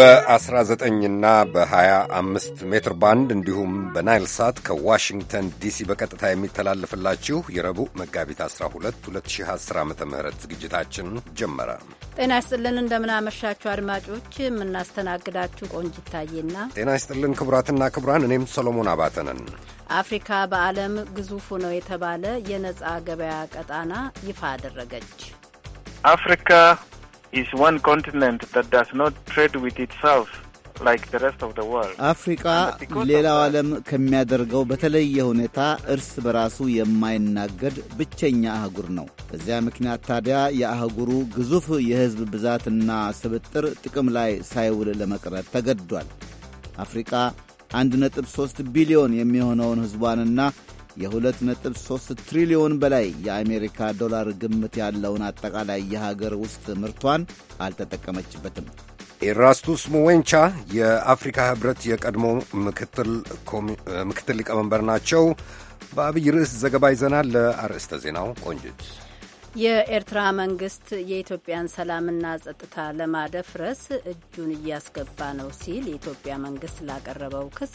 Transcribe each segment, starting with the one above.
በ19 እና በ25 ሜትር ባንድ እንዲሁም በናይል ሳት ከዋሽንግተን ዲሲ በቀጥታ የሚተላለፍላችሁ የረቡዕ መጋቢት 12 2010 ዓ ም ዝግጅታችን ጀመረ። ጤና ይስጥልን፣ እንደምናመሻችሁ አድማጮች። የምናስተናግዳችሁ ቆንጅ ይታየና፣ ጤና ይስጥልን ክቡራትና ክቡራን፣ እኔም ሰሎሞን አባተ ነን። አፍሪካ በዓለም ግዙፉ ነው የተባለ የነፃ ገበያ ቀጣና ይፋ አደረገች። አፍሪካ is one continent that does not trade with itself like the rest of the world. አፍሪቃ ሌላው ዓለም ከሚያደርገው በተለየ ሁኔታ እርስ በራሱ የማይናገድ ብቸኛ አህጉር ነው። በዚያ ምክንያት ታዲያ የአህጉሩ ግዙፍ የህዝብ ብዛትና ስብጥር ጥቅም ላይ ሳይውል ለመቅረት ተገድዷል። አፍሪቃ 1.3 ቢሊዮን የሚሆነውን ሕዝቧንና የ2.3 ትሪሊዮን በላይ የአሜሪካ ዶላር ግምት ያለውን አጠቃላይ የሀገር ውስጥ ምርቷን አልተጠቀመችበትም። ኤራስቱስ ሙዌንቻ የአፍሪካ ህብረት የቀድሞ ምክትል ሊቀመንበር ናቸው። በአብይ ርዕስ ዘገባ ይዘናል። ለአርዕስተ ዜናው ቆንጅት። የኤርትራ መንግስት የኢትዮጵያን ሰላምና ጸጥታ ለማደፍረስ እጁን እያስገባ ነው ሲል የኢትዮጵያ መንግስት ላቀረበው ክስ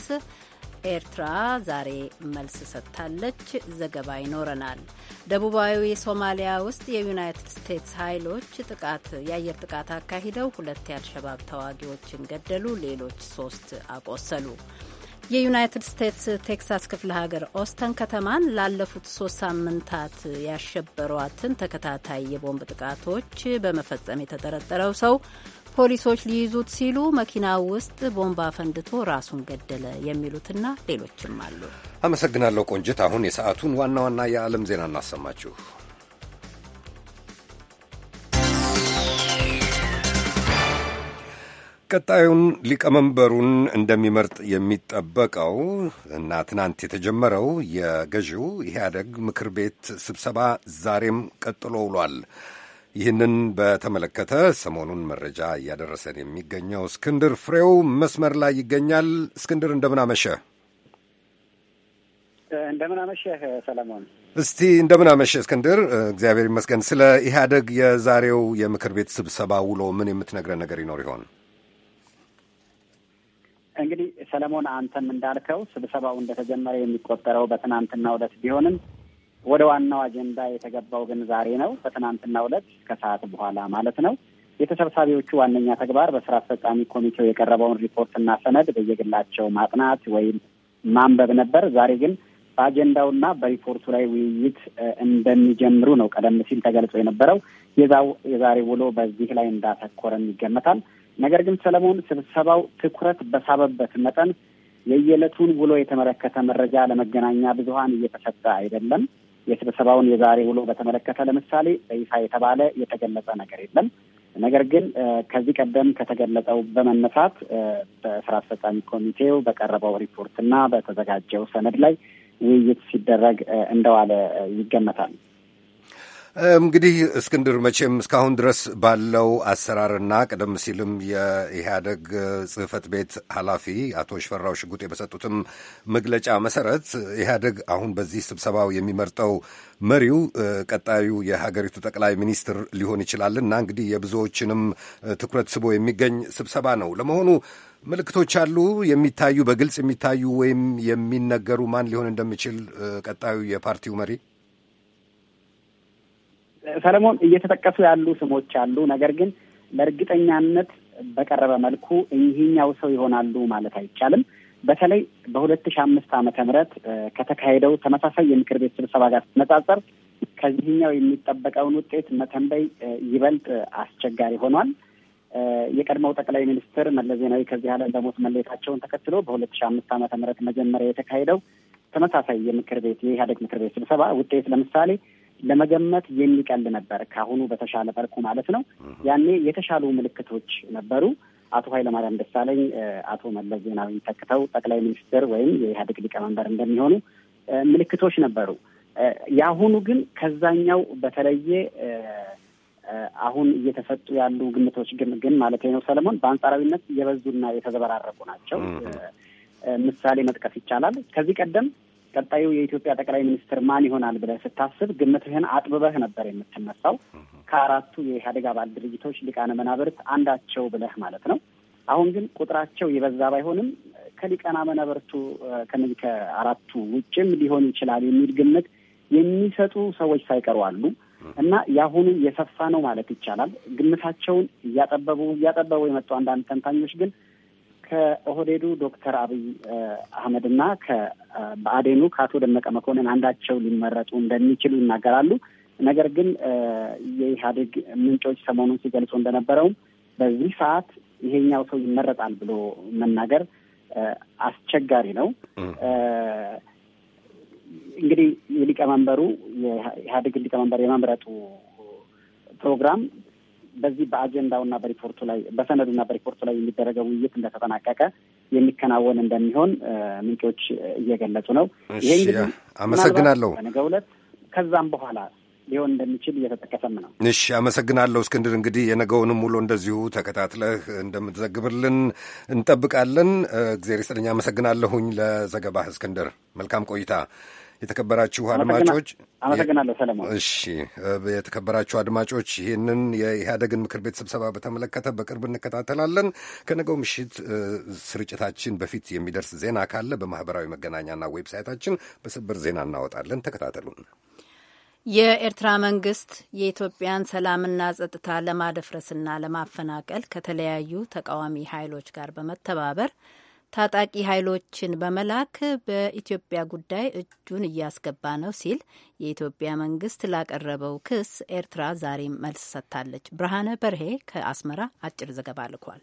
ኤርትራ ዛሬ መልስ ሰጥታለች። ዘገባ ይኖረናል። ደቡባዊ ሶማሊያ ውስጥ የዩናይትድ ስቴትስ ኃይሎች ጥቃት የአየር ጥቃት አካሂደው ሁለት የአልሸባብ ተዋጊዎችን ገደሉ፣ ሌሎች ሶስት አቆሰሉ። የዩናይትድ ስቴትስ ቴክሳስ ክፍለ ሀገር ኦስተን ከተማን ላለፉት ሶስት ሳምንታት ያሸበሯትን ተከታታይ የቦምብ ጥቃቶች በመፈጸም የተጠረጠረው ሰው ፖሊሶች ሊይዙት ሲሉ መኪና ውስጥ ቦምብ አፈንድቶ ራሱን ገደለ የሚሉትና ሌሎችም አሉ። አመሰግናለሁ ቆንጅት። አሁን የሰዓቱን ዋና ዋና የዓለም ዜና እናሰማችሁ። ቀጣዩን ሊቀመንበሩን እንደሚመርጥ የሚጠበቀው እና ትናንት የተጀመረው የገዢው ኢህአደግ ምክር ቤት ስብሰባ ዛሬም ቀጥሎ ውሏል። ይህንን በተመለከተ ሰሞኑን መረጃ እያደረሰን የሚገኘው እስክንድር ፍሬው መስመር ላይ ይገኛል። እስክንድር እንደምን አመሸ? እንደምን አመሸህ ሰለሞን። እስቲ እንደምን አመሸ እስክንድር። እግዚአብሔር ይመስገን። ስለ ኢህአደግ የዛሬው የምክር ቤት ስብሰባ ውሎ ምን የምትነግረን ነገር ይኖር ይሆን? እንግዲህ ሰለሞን፣ አንተም እንዳልከው ስብሰባው እንደተጀመረ የሚቆጠረው በትናንትናው ዕለት ቢሆንም ወደ ዋናው አጀንዳ የተገባው ግን ዛሬ ነው። በትናንትናው ዕለት ከሰዓት በኋላ ማለት ነው። የተሰብሳቢዎቹ ዋነኛ ተግባር በስራ አስፈጻሚ ኮሚቴው የቀረበውን ሪፖርትና ሰነድ በየግላቸው ማጥናት ወይም ማንበብ ነበር። ዛሬ ግን በአጀንዳውና በሪፖርቱ ላይ ውይይት እንደሚጀምሩ ነው ቀደም ሲል ተገልጾ የነበረው። የዛው የዛሬ ውሎ በዚህ ላይ እንዳተኮረም ይገመታል። ነገር ግን ሰለሞን፣ ስብሰባው ትኩረት በሳበበት መጠን የየዕለቱን ውሎ የተመለከተ መረጃ ለመገናኛ ብዙኃን እየተሰጠ አይደለም። የስብሰባውን የዛሬ ውሎ በተመለከተ ለምሳሌ በይፋ የተባለ የተገለጸ ነገር የለም። ነገር ግን ከዚህ ቀደም ከተገለጸው በመነሳት በስራ አስፈጻሚ ኮሚቴው በቀረበው ሪፖርት እና በተዘጋጀው ሰነድ ላይ ውይይት ሲደረግ እንደዋለ ይገመታል። እንግዲህ እስክንድር መቼም እስካሁን ድረስ ባለው አሰራርና ቀደም ሲልም የኢህአደግ ጽህፈት ቤት ኃላፊ አቶ ሽፈራው ሽጉጤ በሰጡትም መግለጫ መሰረት ኢህአደግ አሁን በዚህ ስብሰባው የሚመርጠው መሪው ቀጣዩ የሀገሪቱ ጠቅላይ ሚኒስትር ሊሆን ይችላልና እንግዲህ የብዙዎችንም ትኩረት ስቦ የሚገኝ ስብሰባ ነው። ለመሆኑ ምልክቶች አሉ የሚታዩ በግልጽ የሚታዩ ወይም የሚነገሩ ማን ሊሆን እንደሚችል ቀጣዩ የፓርቲው መሪ ሰለሞን እየተጠቀሱ ያሉ ስሞች አሉ። ነገር ግን ለእርግጠኛነት በቀረበ መልኩ እኚህኛው ሰው ይሆናሉ ማለት አይቻልም። በተለይ በሁለት ሺ አምስት ዓመተ ምህረት ከተካሄደው ተመሳሳይ የምክር ቤት ስብሰባ ጋር ስትነጻጸር ከዚህኛው የሚጠበቀውን ውጤት መተንበይ ይበልጥ አስቸጋሪ ሆኗል። የቀድሞው ጠቅላይ ሚኒስትር መለስ ዜናዊ ከዚህ ዓለም በሞት መለየታቸውን ተከትሎ በሁለት ሺ አምስት ዓመተ ምህረት መጀመሪያ የተካሄደው ተመሳሳይ የምክር ቤት የኢህአዴግ ምክር ቤት ስብሰባ ውጤት ለምሳሌ ለመገመት የሚቀል ነበር ከአሁኑ በተሻለ መልኩ ማለት ነው። ያኔ የተሻሉ ምልክቶች ነበሩ። አቶ ኃይለማርያም ደሳለኝ አቶ መለስ ዜናዊን ተክተው ጠቅላይ ሚኒስትር ወይም የኢህአዴግ ሊቀመንበር እንደሚሆኑ ምልክቶች ነበሩ። የአሁኑ ግን ከዛኛው በተለየ አሁን እየተሰጡ ያሉ ግምቶች ግን ግን ማለት ነው ሰለሞን በአንጻራዊነት የበዙና የተዘበራረቁ ናቸው። ምሳሌ መጥቀስ ይቻላል። ከዚህ ቀደም ቀጣዩ የኢትዮጵያ ጠቅላይ ሚኒስትር ማን ይሆናል ብለህ ስታስብ ግምትህን አጥብበህ ነበር የምትነሳው ከአራቱ የኢህአዴግ አባል ድርጅቶች ሊቃነ መናብርት አንዳቸው ብለህ ማለት ነው። አሁን ግን ቁጥራቸው የበዛ ባይሆንም ከሊቃነ መናብርቱ ከነዚህ ከአራቱ ውጭም ሊሆን ይችላል የሚል ግምት የሚሰጡ ሰዎች ሳይቀሩ አሉ እና የአሁኑ የሰፋ ነው ማለት ይቻላል። ግምታቸውን እያጠበቡ እያጠበቡ የመጡ አንዳንድ ተንታኞች ግን ከኦህዴዱ ዶክተር አብይ አህመድ እና ከብአዴኑ ከአቶ ደመቀ መኮንን አንዳቸው ሊመረጡ እንደሚችሉ ይናገራሉ። ነገር ግን የኢህአዴግ ምንጮች ሰሞኑን ሲገልጹ እንደነበረውም በዚህ ሰዓት ይሄኛው ሰው ይመረጣል ብሎ መናገር አስቸጋሪ ነው። እንግዲህ የሊቀመንበሩ የኢህአዴግን ሊቀመንበር የመምረጡ ፕሮግራም በዚህ በአጀንዳውና በሪፖርቱ ላይ በሰነዱና በሪፖርቱ ላይ የሚደረገው ውይይት እንደተጠናቀቀ የሚከናወን እንደሚሆን ምንጮች እየገለጹ ነው። ይሄ እንግዲህ አመሰግናለሁ። በነገው ሁለት ከዛም በኋላ ሊሆን እንደሚችል እየተጠቀሰም ነው። እሺ አመሰግናለሁ እስክንድር። እንግዲህ የነገውንም ውሎ እንደዚሁ ተከታትለህ እንደምትዘግብልን እንጠብቃለን። እግዜር ይስጥልኝ። አመሰግናለሁኝ ለዘገባህ እስክንድር። መልካም ቆይታ። የተከበራችሁ አድማጮች አመሰግናለሁ ሰለሞን። እሺ፣ የተከበራችሁ አድማጮች ይህንን የኢህአደግን ምክር ቤት ስብሰባ በተመለከተ በቅርብ እንከታተላለን። ከነገው ምሽት ስርጭታችን በፊት የሚደርስ ዜና ካለ በማህበራዊ መገናኛና ዌብሳይታችን በስብር ዜና እናወጣለን። ተከታተሉን። የኤርትራ መንግስት የኢትዮጵያን ሰላምና ጸጥታ ለማደፍረስና ለማፈናቀል ከተለያዩ ተቃዋሚ ኃይሎች ጋር በመተባበር ታጣቂ ኃይሎችን በመላክ በኢትዮጵያ ጉዳይ እጁን እያስገባ ነው ሲል የኢትዮጵያ መንግስት ላቀረበው ክስ ኤርትራ ዛሬም መልስ ሰጥታለች። ብርሃነ በርሄ ከአስመራ አጭር ዘገባ ልኳል።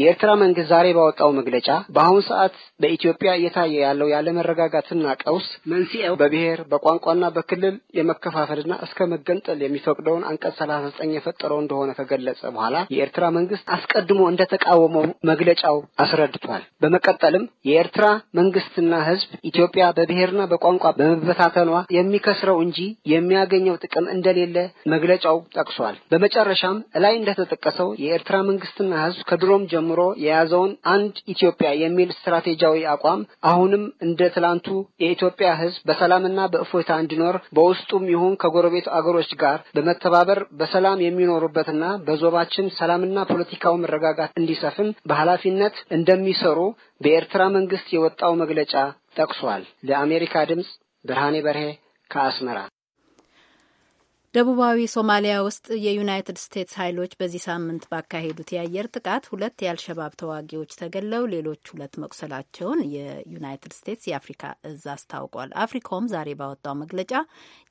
የኤርትራ መንግስት ዛሬ ባወጣው መግለጫ በአሁኑ ሰዓት በኢትዮጵያ እየታየ ያለው ያለመረጋጋትና ቀውስ መንስኤው በብሔር በቋንቋና በክልል የመከፋፈልና እስከ መገንጠል የሚፈቅደውን አንቀጽ ሰላሳ ዘጠኝ የፈጠረው እንደሆነ ከገለጸ በኋላ የኤርትራ መንግስት አስቀድሞ እንደተቃወመው መግለጫው አስረድቷል። በመቀጠልም የኤርትራ መንግስትና ህዝብ ኢትዮጵያ በብሔርና በቋንቋ በመበታተኗ የሚከስረው እንጂ የሚያገኘው ጥቅም እንደሌለ መግለጫው ጠቅሷል። በመጨረሻም እላይ እንደተጠቀሰው የኤርትራ መንግስትና ህዝብ ከድሮም ጀምሮ ጀምሮ የያዘውን አንድ ኢትዮጵያ የሚል ስትራቴጂያዊ አቋም አሁንም እንደ ትላንቱ የኢትዮጵያ ሕዝብ በሰላምና በእፎይታ እንዲኖር በውስጡም ይሁን ከጎረቤት አገሮች ጋር በመተባበር በሰላም የሚኖሩበትና በዞባችን ሰላምና ፖለቲካዊ መረጋጋት እንዲሰፍን በኃላፊነት እንደሚሰሩ በኤርትራ መንግስት የወጣው መግለጫ ጠቅሷል። ለአሜሪካ ድምፅ ብርሃኔ በርሄ ከአስመራ ደቡባዊ ሶማሊያ ውስጥ የዩናይትድ ስቴትስ ኃይሎች በዚህ ሳምንት ባካሄዱት የአየር ጥቃት ሁለት የአልሸባብ ተዋጊዎች ተገለው ሌሎች ሁለት መቁሰላቸውን የዩናይትድ ስቴትስ የአፍሪካ እዝ አስታውቋል። አፍሪኮም ዛሬ ባወጣው መግለጫ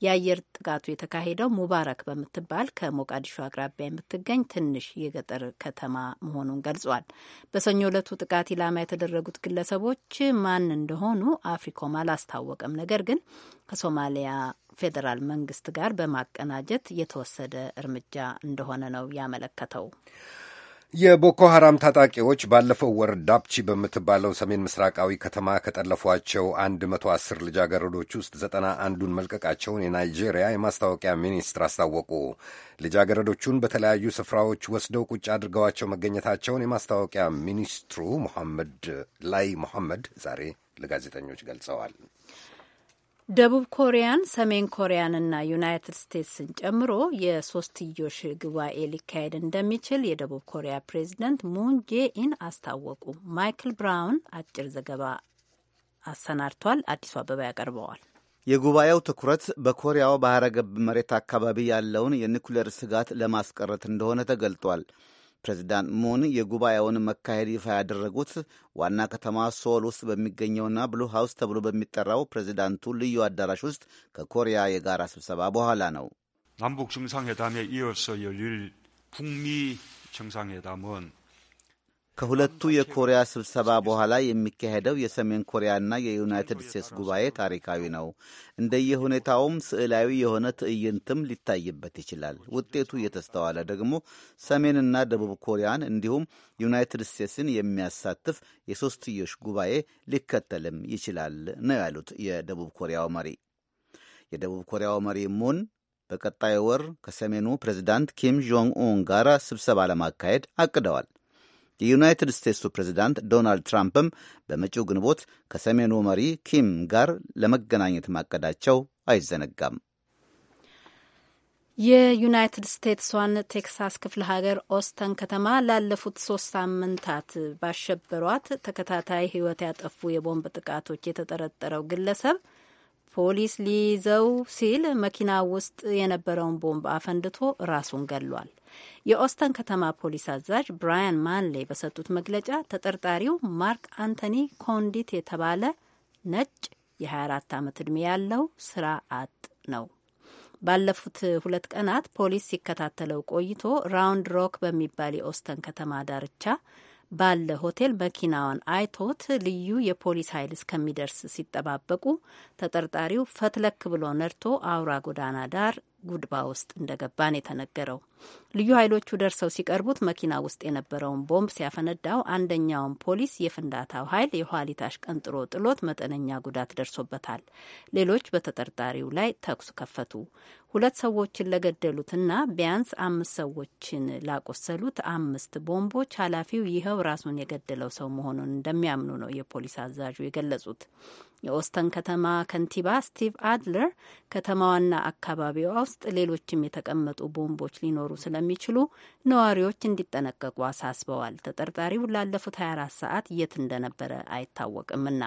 የአየር ጥቃቱ የተካሄደው ሙባረክ በምትባል ከሞቃዲሾ አቅራቢያ የምትገኝ ትንሽ የገጠር ከተማ መሆኑን ገልጿል። በሰኞ ዕለቱ ጥቃት ኢላማ የተደረጉት ግለሰቦች ማን እንደሆኑ አፍሪኮም አላስታወቀም። ነገር ግን ከሶማሊያ ፌዴራል መንግስት ጋር በማቀናጀት የተወሰደ እርምጃ እንደሆነ ነው ያመለከተው። የቦኮ ሐራም ታጣቂዎች ባለፈው ወር ዳፕቺ በምትባለው ሰሜን ምስራቃዊ ከተማ ከጠለፏቸው 110 ልጃገረዶች ውስጥ ዘጠና አንዱን መልቀቃቸውን የናይጄሪያ የማስታወቂያ ሚኒስትር አስታወቁ። ልጃገረዶቹን በተለያዩ ስፍራዎች ወስደው ቁጭ አድርገዋቸው መገኘታቸውን የማስታወቂያ ሚኒስትሩ ሙሐመድ ላይ ሙሐመድ ዛሬ ለጋዜጠኞች ገልጸዋል። ደቡብ ኮሪያን፣ ሰሜን ኮሪያንና ዩናይትድ ስቴትስን ጨምሮ የሶስትዮሽ ጉባኤ ሊካሄድ እንደሚችል የደቡብ ኮሪያ ፕሬዚደንት ሙን ጄኢን አስታወቁ። ማይክል ብራውን አጭር ዘገባ አሰናድቷል። አዲሱ አበባ ያቀርበዋል። የጉባኤው ትኩረት በኮሪያው ባህረ ገብ መሬት አካባቢ ያለውን የኒኩሌር ስጋት ለማስቀረት እንደሆነ ተገልጧል። ፕሬዚዳንት ሙን የጉባኤውን መካሄድ ይፋ ያደረጉት ዋና ከተማ ሶል ውስጥ በሚገኘውና ብሉ ሃውስ ተብሎ በሚጠራው ፕሬዚዳንቱ ልዩ አዳራሽ ውስጥ ከኮሪያ የጋራ ስብሰባ በኋላ ነው። 남북 정상회담에 이어서 열릴 북미 정상회담은 ከሁለቱ የኮሪያ ስብሰባ በኋላ የሚካሄደው የሰሜን ኮሪያና የዩናይትድ ስቴትስ ጉባኤ ታሪካዊ ነው። እንደየሁኔታውም ስዕላዊ የሆነ ትዕይንትም ሊታይበት ይችላል። ውጤቱ እየተስተዋለ ደግሞ ሰሜንና ደቡብ ኮሪያን እንዲሁም ዩናይትድ ስቴትስን የሚያሳትፍ የሶስትዮሽ ጉባኤ ሊከተልም ይችላል ነው ያሉት የደቡብ ኮሪያው መሪ። የደቡብ ኮሪያው መሪ ሙን በቀጣይ ወር ከሰሜኑ ፕሬዚዳንት ኪም ጆንግ ኡን ጋር ስብሰባ ለማካሄድ አቅደዋል። የዩናይትድ ስቴትሱ ፕሬዚዳንት ዶናልድ ትራምፕም በመጪው ግንቦት ከሰሜኑ መሪ ኪም ጋር ለመገናኘት ማቀዳቸው አይዘነጋም። የዩናይትድ ስቴትሷን ቴክሳስ ክፍለ ሀገር ኦስተን ከተማ ላለፉት ሶስት ሳምንታት ባሸበሯት ተከታታይ ሕይወት ያጠፉ የቦምብ ጥቃቶች የተጠረጠረው ግለሰብ ፖሊስ ሊይዘው ሲል መኪና ውስጥ የነበረውን ቦምብ አፈንድቶ ራሱን ገሏል። የኦስተን ከተማ ፖሊስ አዛዥ ብራያን ማንሌ በሰጡት መግለጫ ተጠርጣሪው ማርክ አንቶኒ ኮንዲት የተባለ ነጭ የ24 ዓመት ዕድሜ ያለው ስራ አጥ ነው። ባለፉት ሁለት ቀናት ፖሊስ ሲከታተለው ቆይቶ ራውንድ ሮክ በሚባል የኦስተን ከተማ ዳርቻ ባለ ሆቴል መኪናዋን አይቶት ልዩ የፖሊስ ኃይል እስከሚደርስ ሲጠባበቁ ተጠርጣሪው ፈትለክ ብሎ ነድቶ አውራ ጎዳና ዳር ጉድባ ውስጥ እንደገባን የተነገረው ልዩ ኃይሎቹ ደርሰው ሲቀርቡት መኪና ውስጥ የነበረውን ቦምብ ሲያፈነዳው አንደኛውን ፖሊስ የፍንዳታው ኃይል የኋሊት አሽቀንጥሮ ጥሎት መጠነኛ ጉዳት ደርሶበታል። ሌሎች በተጠርጣሪው ላይ ተኩስ ከፈቱ። ሁለት ሰዎችን ለገደሉትና ቢያንስ አምስት ሰዎችን ላቆሰሉት አምስት ቦምቦች ኃላፊው ይኸው ራሱን የገደለው ሰው መሆኑን እንደሚያምኑ ነው የፖሊስ አዛዡ የገለጹት። የኦስተን ከተማ ከንቲባ ስቲቭ አድለር ከተማዋና አካባቢዋ ውስጥ ሌሎችም የተቀመጡ ቦምቦች ሊኖሩ ስለሚችሉ ነዋሪዎች እንዲጠነቀቁ አሳስበዋል። ተጠርጣሪው ላለፉት 24 ሰዓት የት እንደነበረ አይታወቅምና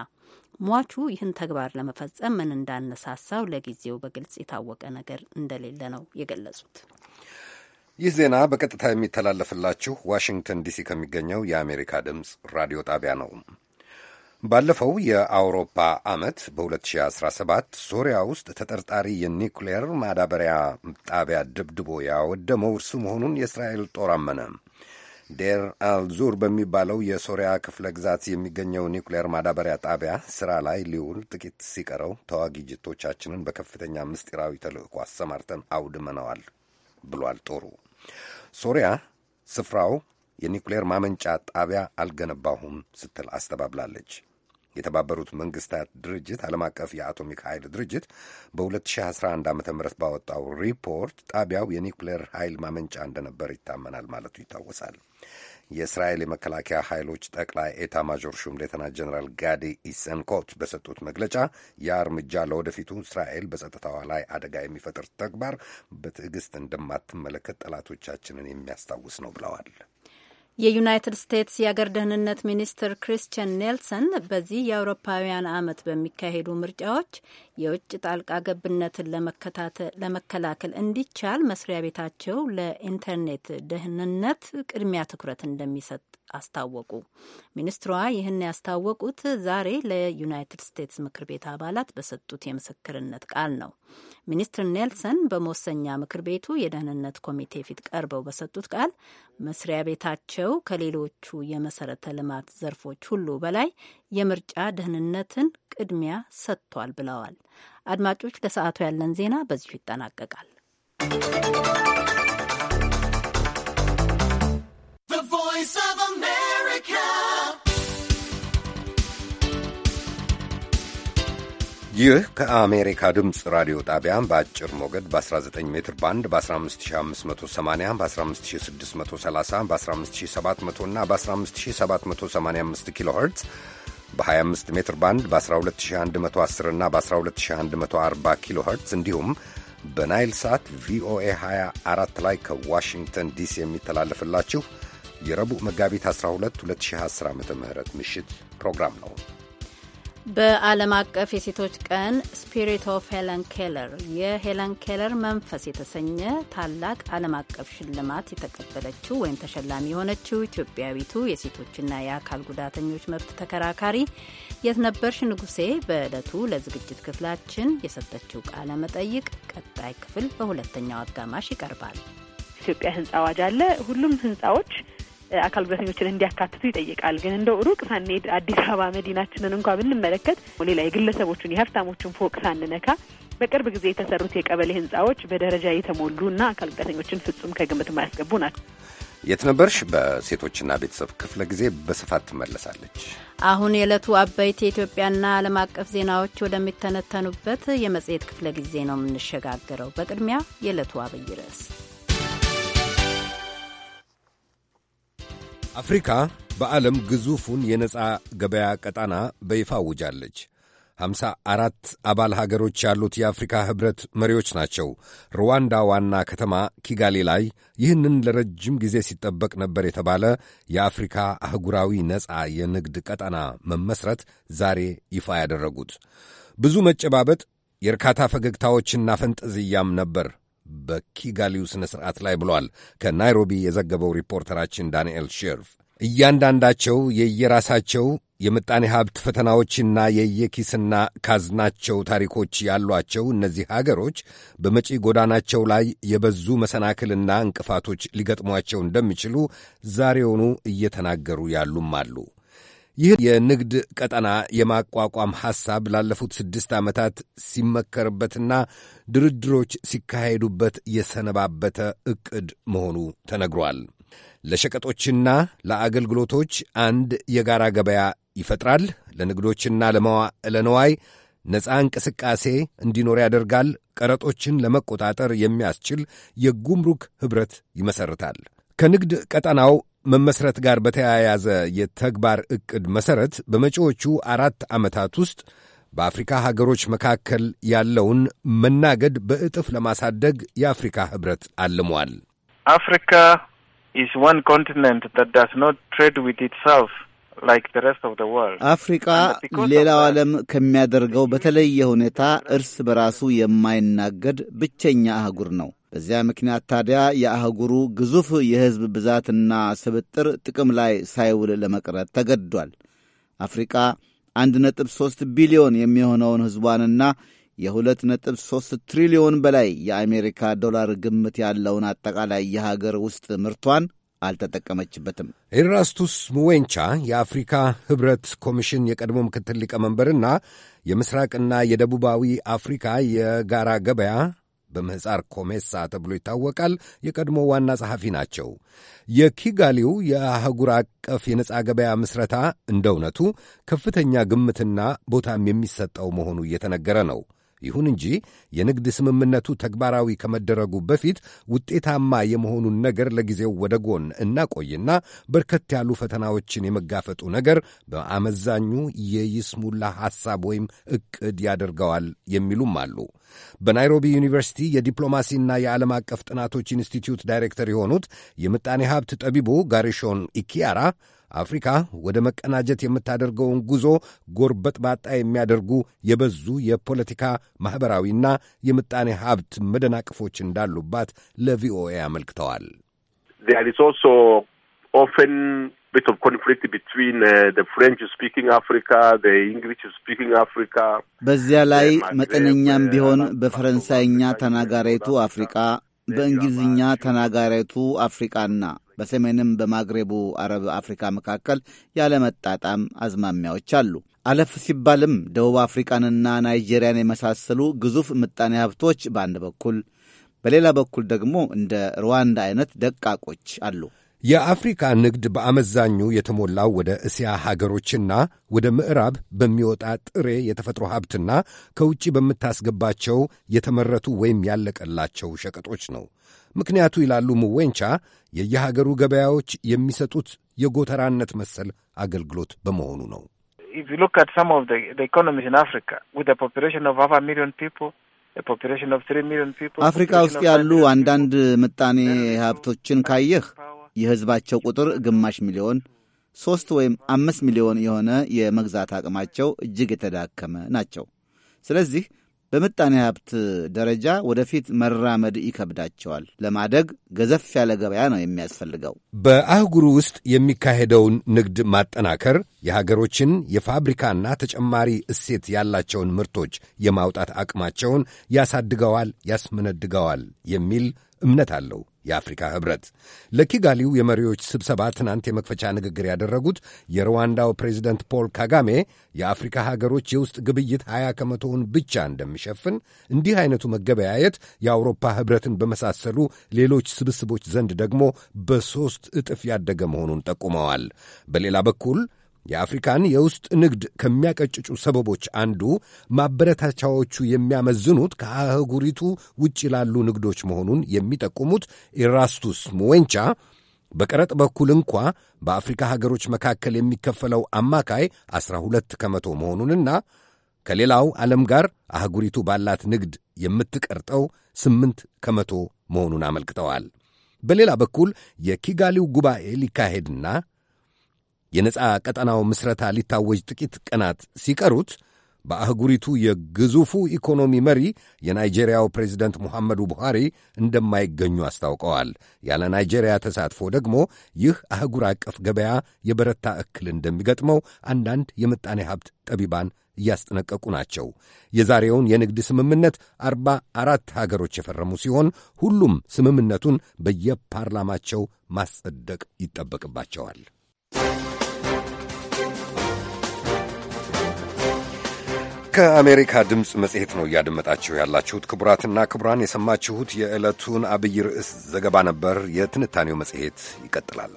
ሟቹ ይህን ተግባር ለመፈጸም ምን እንዳነሳሳው ለጊዜው በግልጽ የታወቀ ነገር እንደሌለ ነው የገለጹት። ይህ ዜና በቀጥታ የሚተላለፍላችሁ ዋሽንግተን ዲሲ ከሚገኘው የአሜሪካ ድምፅ ራዲዮ ጣቢያ ነው። ባለፈው የአውሮፓ ዓመት በ2017 ሶሪያ ውስጥ ተጠርጣሪ የኒውክሌር ማዳበሪያ ጣቢያ ደብድቦ ያወደመው እርሱ መሆኑን የእስራኤል ጦር አመነ። ዴር አልዙር በሚባለው የሶሪያ ክፍለ ግዛት የሚገኘው ኒውክሌር ማዳበሪያ ጣቢያ ስራ ላይ ሊውል ጥቂት ሲቀረው ተዋጊ ጅቶቻችንን በከፍተኛ ምስጢራዊ ተልእኮ አሰማርተን አውድመነዋል ብሏል ጦሩ። ሶሪያ ስፍራው የኒውክሌር ማመንጫ ጣቢያ አልገነባሁም ስትል አስተባብላለች። የተባበሩት መንግስታት ድርጅት ዓለም አቀፍ የአቶሚክ ኃይል ድርጅት በ2011 ዓ ም ባወጣው ሪፖርት ጣቢያው የኒውክሌር ኃይል ማመንጫ እንደነበር ይታመናል ማለቱ ይታወሳል። የእስራኤል የመከላከያ ኃይሎች ጠቅላይ ኤታ ማዦር ሹም ሌተና ጀኔራል ጋዲ ኢሰንኮት በሰጡት መግለጫ ያ እርምጃ ለወደፊቱ እስራኤል በጸጥታዋ ላይ አደጋ የሚፈጥር ተግባር በትዕግስት እንደማትመለከት ጠላቶቻችንን የሚያስታውስ ነው ብለዋል። የዩናይትድ ስቴትስ የአገር ደህንነት ሚኒስትር ክሪስቲያን ኔልሰን በዚህ የአውሮፓውያን ዓመት በሚካሄዱ ምርጫዎች የውጭ ጣልቃ ገብነትን ለመከላከል እንዲቻል መስሪያ ቤታቸው ለኢንተርኔት ደህንነት ቅድሚያ ትኩረት እንደሚሰጥ አስታወቁ። ሚኒስትሯ ይህን ያስታወቁት ዛሬ ለዩናይትድ ስቴትስ ምክር ቤት አባላት በሰጡት የምስክርነት ቃል ነው። ሚኒስትር ኔልሰን በመወሰኛ ምክር ቤቱ የደህንነት ኮሚቴ ፊት ቀርበው በሰጡት ቃል መስሪያ ቤታቸው ከሌሎቹ የመሰረተ ልማት ዘርፎች ሁሉ በላይ የምርጫ ደህንነትን ቅድሚያ ሰጥቷል ብለዋል። አድማጮች፣ ለሰዓቱ ያለን ዜና በዚሁ ይጠናቀቃል። ይህ ከአሜሪካ ድምፅ ራዲዮ ጣቢያ በአጭር ሞገድ በ19 ሜትር ባንድ በ15580 በ15630 በ15700 እና በ15785 ኪሎ ኸርትዝ በ25 ሜትር ባንድ በ12110 እና በ12140 ኪሎ ኸርትዝ እንዲሁም በናይል ሳት ቪኦኤ 24 ላይ ከዋሽንግተን ዲሲ የሚተላለፍላችሁ የረቡዕ መጋቢት 12 2010 ዓ ም ምሽት ፕሮግራም ነው። በዓለም አቀፍ የሴቶች ቀን ስፒሪት ኦፍ ሄለን ኬለር የሄለን ኬለር መንፈስ የተሰኘ ታላቅ ዓለም አቀፍ ሽልማት የተቀበለችው ወይም ተሸላሚ የሆነችው ኢትዮጵያዊቱ የሴቶችና የአካል ጉዳተኞች መብት ተከራካሪ የትነበርሽ ንጉሴ በዕለቱ ለዝግጅት ክፍላችን የሰጠችው ቃለ መጠይቅ ቀጣይ ክፍል በሁለተኛው አጋማሽ ይቀርባል። ኢትዮጵያ ሕንፃ አዋጅ አለ። ሁሉም ሕንፃዎች አካል ጉዳተኞችን እንዲያካትቱ ይጠይቃል። ግን እንደው ሩቅ ሳንሄድ አዲስ አበባ መዲናችንን እንኳ ብንመለከት ሌላ የግለሰቦቹን የሀብታሞቹን ፎቅ ሳንነካ በቅርብ ጊዜ የተሰሩት የቀበሌ ህንጻዎች በደረጃ የተሞሉ እና አካል ጉዳተኞችን ፍጹም ከግምት የማያስገቡ ናቸው። የት ነበርሽ? በሴቶችና ቤተሰብ ክፍለ ጊዜ በስፋት ትመለሳለች። አሁን የዕለቱ አበይት የኢትዮጵያና ዓለም አቀፍ ዜናዎች ወደሚተነተኑበት የመጽሔት ክፍለ ጊዜ ነው የምንሸጋገረው። በቅድሚያ የዕለቱ አብይ ርዕስ አፍሪካ በዓለም ግዙፉን የነፃ ገበያ ቀጣና በይፋ አውጃለች። ሐምሳ አራት አባል ሀገሮች ያሉት የአፍሪካ ኅብረት መሪዎች ናቸው ሩዋንዳ ዋና ከተማ ኪጋሊ ላይ ይህንን ለረጅም ጊዜ ሲጠበቅ ነበር የተባለ የአፍሪካ አህጉራዊ ነፃ የንግድ ቀጠና መመስረት ዛሬ ይፋ ያደረጉት። ብዙ መጨባበጥ፣ የእርካታ ፈገግታዎችና ፈንጠዝያም ነበር በኪጋሊው ሥነ ሥርዓት ላይ ብሏል። ከናይሮቢ የዘገበው ሪፖርተራችን ዳንኤል ሼርፍ እያንዳንዳቸው የየራሳቸው የምጣኔ ሀብት ፈተናዎችና የየኪስና ካዝናቸው ታሪኮች ያሏቸው እነዚህ አገሮች በመጪ ጎዳናቸው ላይ የበዙ መሰናክልና እንቅፋቶች ሊገጥሟቸው እንደሚችሉ ዛሬውኑ እየተናገሩ ያሉም አሉ። ይህ የንግድ ቀጠና የማቋቋም ሐሳብ ላለፉት ስድስት ዓመታት ሲመከርበትና ድርድሮች ሲካሄዱበት የሰነባበተ ዕቅድ መሆኑ ተነግሯል። ለሸቀጦችና ለአገልግሎቶች አንድ የጋራ ገበያ ይፈጥራል። ለንግዶችና ለመዋዕለ ነፃ እንቅስቃሴ እንዲኖር ያደርጋል። ቀረጦችን ለመቆጣጠር የሚያስችል የጉምሩክ ኅብረት ይመሠርታል። ከንግድ ቀጠናው መመስረት ጋር በተያያዘ የተግባር ዕቅድ መሠረት በመጪዎቹ አራት ዓመታት ውስጥ በአፍሪካ ሀገሮች መካከል ያለውን መናገድ በእጥፍ ለማሳደግ የአፍሪካ ኅብረት አልሟል። አፍሪካ ኢዝ ዋን ኮንቲነንት ዳት ዳዝ ኖት ትሬድ ኢትሰልፍ አፍሪቃ ሌላው ዓለም ከሚያደርገው በተለየ ሁኔታ እርስ በራሱ የማይናገድ ብቸኛ አህጉር ነው። በዚያ ምክንያት ታዲያ የአህጉሩ ግዙፍ የሕዝብ ብዛትና ስብጥር ጥቅም ላይ ሳይውል ለመቅረት ተገድዷል። አፍሪቃ 1.3 ቢሊዮን የሚሆነውን ሕዝቧንና የ2.3 ትሪሊዮን በላይ የአሜሪካ ዶላር ግምት ያለውን አጠቃላይ የሀገር ውስጥ ምርቷን አልተጠቀመችበትም። ኤራስቱስ ሙዌንቻ የአፍሪካ ኅብረት ኮሚሽን የቀድሞ ምክትል ሊቀመንበርና የምሥራቅና የደቡባዊ አፍሪካ የጋራ ገበያ በምሕፃር ኮሜሳ ተብሎ ይታወቃል። የቀድሞ ዋና ጸሐፊ ናቸው። የኪጋሊው የአህጉር አቀፍ የነጻ ገበያ ምስረታ እንደ እውነቱ ከፍተኛ ግምትና ቦታም የሚሰጠው መሆኑ እየተነገረ ነው። ይሁን እንጂ የንግድ ስምምነቱ ተግባራዊ ከመደረጉ በፊት ውጤታማ የመሆኑን ነገር ለጊዜው ወደ ጎን እናቆይና በርከት ያሉ ፈተናዎችን የመጋፈጡ ነገር በአመዛኙ የይስሙላ ሐሳብ ወይም ዕቅድ ያደርገዋል የሚሉም አሉ። በናይሮቢ ዩኒቨርሲቲ የዲፕሎማሲና የዓለም አቀፍ ጥናቶች ኢንስቲትዩት ዳይሬክተር የሆኑት የምጣኔ ሀብት ጠቢቡ ጋሪሾን ኢኪያራ አፍሪካ ወደ መቀናጀት የምታደርገውን ጉዞ ጎርበጥ ባጣ የሚያደርጉ የበዙ የፖለቲካ ማኅበራዊና የምጣኔ ሀብት መደናቅፎች እንዳሉባት ለቪኦኤ አመልክተዋል። uh, በዚያ ላይ መጠነኛም uh, ቢሆን በፈረንሳይኛ ተናጋሪቱ uh, አፍሪቃ፣ በእንግሊዝኛ ተናጋሪቱ አፍሪቃና በሰሜንም በማግሬቡ አረብ አፍሪካ መካከል ያለመጣጣም አዝማሚያዎች አሉ። አለፍ ሲባልም ደቡብ አፍሪካንና ናይጄሪያን የመሳሰሉ ግዙፍ ምጣኔ ሀብቶች በአንድ በኩል፣ በሌላ በኩል ደግሞ እንደ ሩዋንዳ አይነት ደቃቆች አሉ። የአፍሪካ ንግድ በአመዛኙ የተሞላው ወደ እስያ ሀገሮችና ወደ ምዕራብ በሚወጣ ጥሬ የተፈጥሮ ሀብትና ከውጭ በምታስገባቸው የተመረቱ ወይም ያለቀላቸው ሸቀጦች ነው። ምክንያቱ ይላሉ ምዌንቻ፣ የየሀገሩ ገበያዎች የሚሰጡት የጎተራነት መሰል አገልግሎት በመሆኑ ነው። አፍሪካ ውስጥ ያሉ አንዳንድ ምጣኔ ሀብቶችን ካየህ የህዝባቸው ቁጥር ግማሽ ሚሊዮን፣ ሦስት ወይም አምስት ሚሊዮን የሆነ የመግዛት አቅማቸው እጅግ የተዳከመ ናቸው። ስለዚህ በምጣኔ ሀብት ደረጃ ወደፊት መራመድ ይከብዳቸዋል። ለማደግ ገዘፍ ያለ ገበያ ነው የሚያስፈልገው። በአህጉሩ ውስጥ የሚካሄደውን ንግድ ማጠናከር የሀገሮችን የፋብሪካና ተጨማሪ እሴት ያላቸውን ምርቶች የማውጣት አቅማቸውን ያሳድገዋል፣ ያስመነድገዋል የሚል እምነት አለው። የአፍሪካ ህብረት። ለኪጋሊው የመሪዎች ስብሰባ ትናንት የመክፈቻ ንግግር ያደረጉት የሩዋንዳው ፕሬዚደንት ፖል ካጋሜ የአፍሪካ ሀገሮች የውስጥ ግብይት 20 ከመቶውን ብቻ እንደሚሸፍን፣ እንዲህ አይነቱ መገበያየት የአውሮፓ ህብረትን በመሳሰሉ ሌሎች ስብስቦች ዘንድ ደግሞ በሦስት እጥፍ ያደገ መሆኑን ጠቁመዋል። በሌላ በኩል የአፍሪካን የውስጥ ንግድ ከሚያቀጭጩ ሰበቦች አንዱ ማበረታቻዎቹ የሚያመዝኑት ከአህጉሪቱ ውጭ ላሉ ንግዶች መሆኑን የሚጠቁሙት ኢራስቱስ ሙዌንቻ በቀረጥ በኩል እንኳ በአፍሪካ ሀገሮች መካከል የሚከፈለው አማካይ 12 ከመቶ መሆኑንና ከሌላው ዓለም ጋር አህጉሪቱ ባላት ንግድ የምትቀርጠው 8 ከመቶ መሆኑን አመልክተዋል። በሌላ በኩል የኪጋሊው ጉባኤ ሊካሄድና የነፃ ቀጠናው ምስረታ ሊታወጅ ጥቂት ቀናት ሲቀሩት በአህጉሪቱ የግዙፉ ኢኮኖሚ መሪ የናይጄሪያው ፕሬዚደንት ሙሐመዱ ቡሃሪ እንደማይገኙ አስታውቀዋል። ያለ ናይጄሪያ ተሳትፎ ደግሞ ይህ አህጉር አቀፍ ገበያ የበረታ እክል እንደሚገጥመው አንዳንድ የምጣኔ ሀብት ጠቢባን እያስጠነቀቁ ናቸው። የዛሬውን የንግድ ስምምነት አርባ አራት ሀገሮች የፈረሙ ሲሆን ሁሉም ስምምነቱን በየፓርላማቸው ማጸደቅ ይጠበቅባቸዋል። ከአሜሪካ ድምፅ መጽሔት ነው እያደመጣችሁ ያላችሁት። ክቡራትና ክቡራን የሰማችሁት የዕለቱን አብይ ርዕስ ዘገባ ነበር። የትንታኔው መጽሔት ይቀጥላል።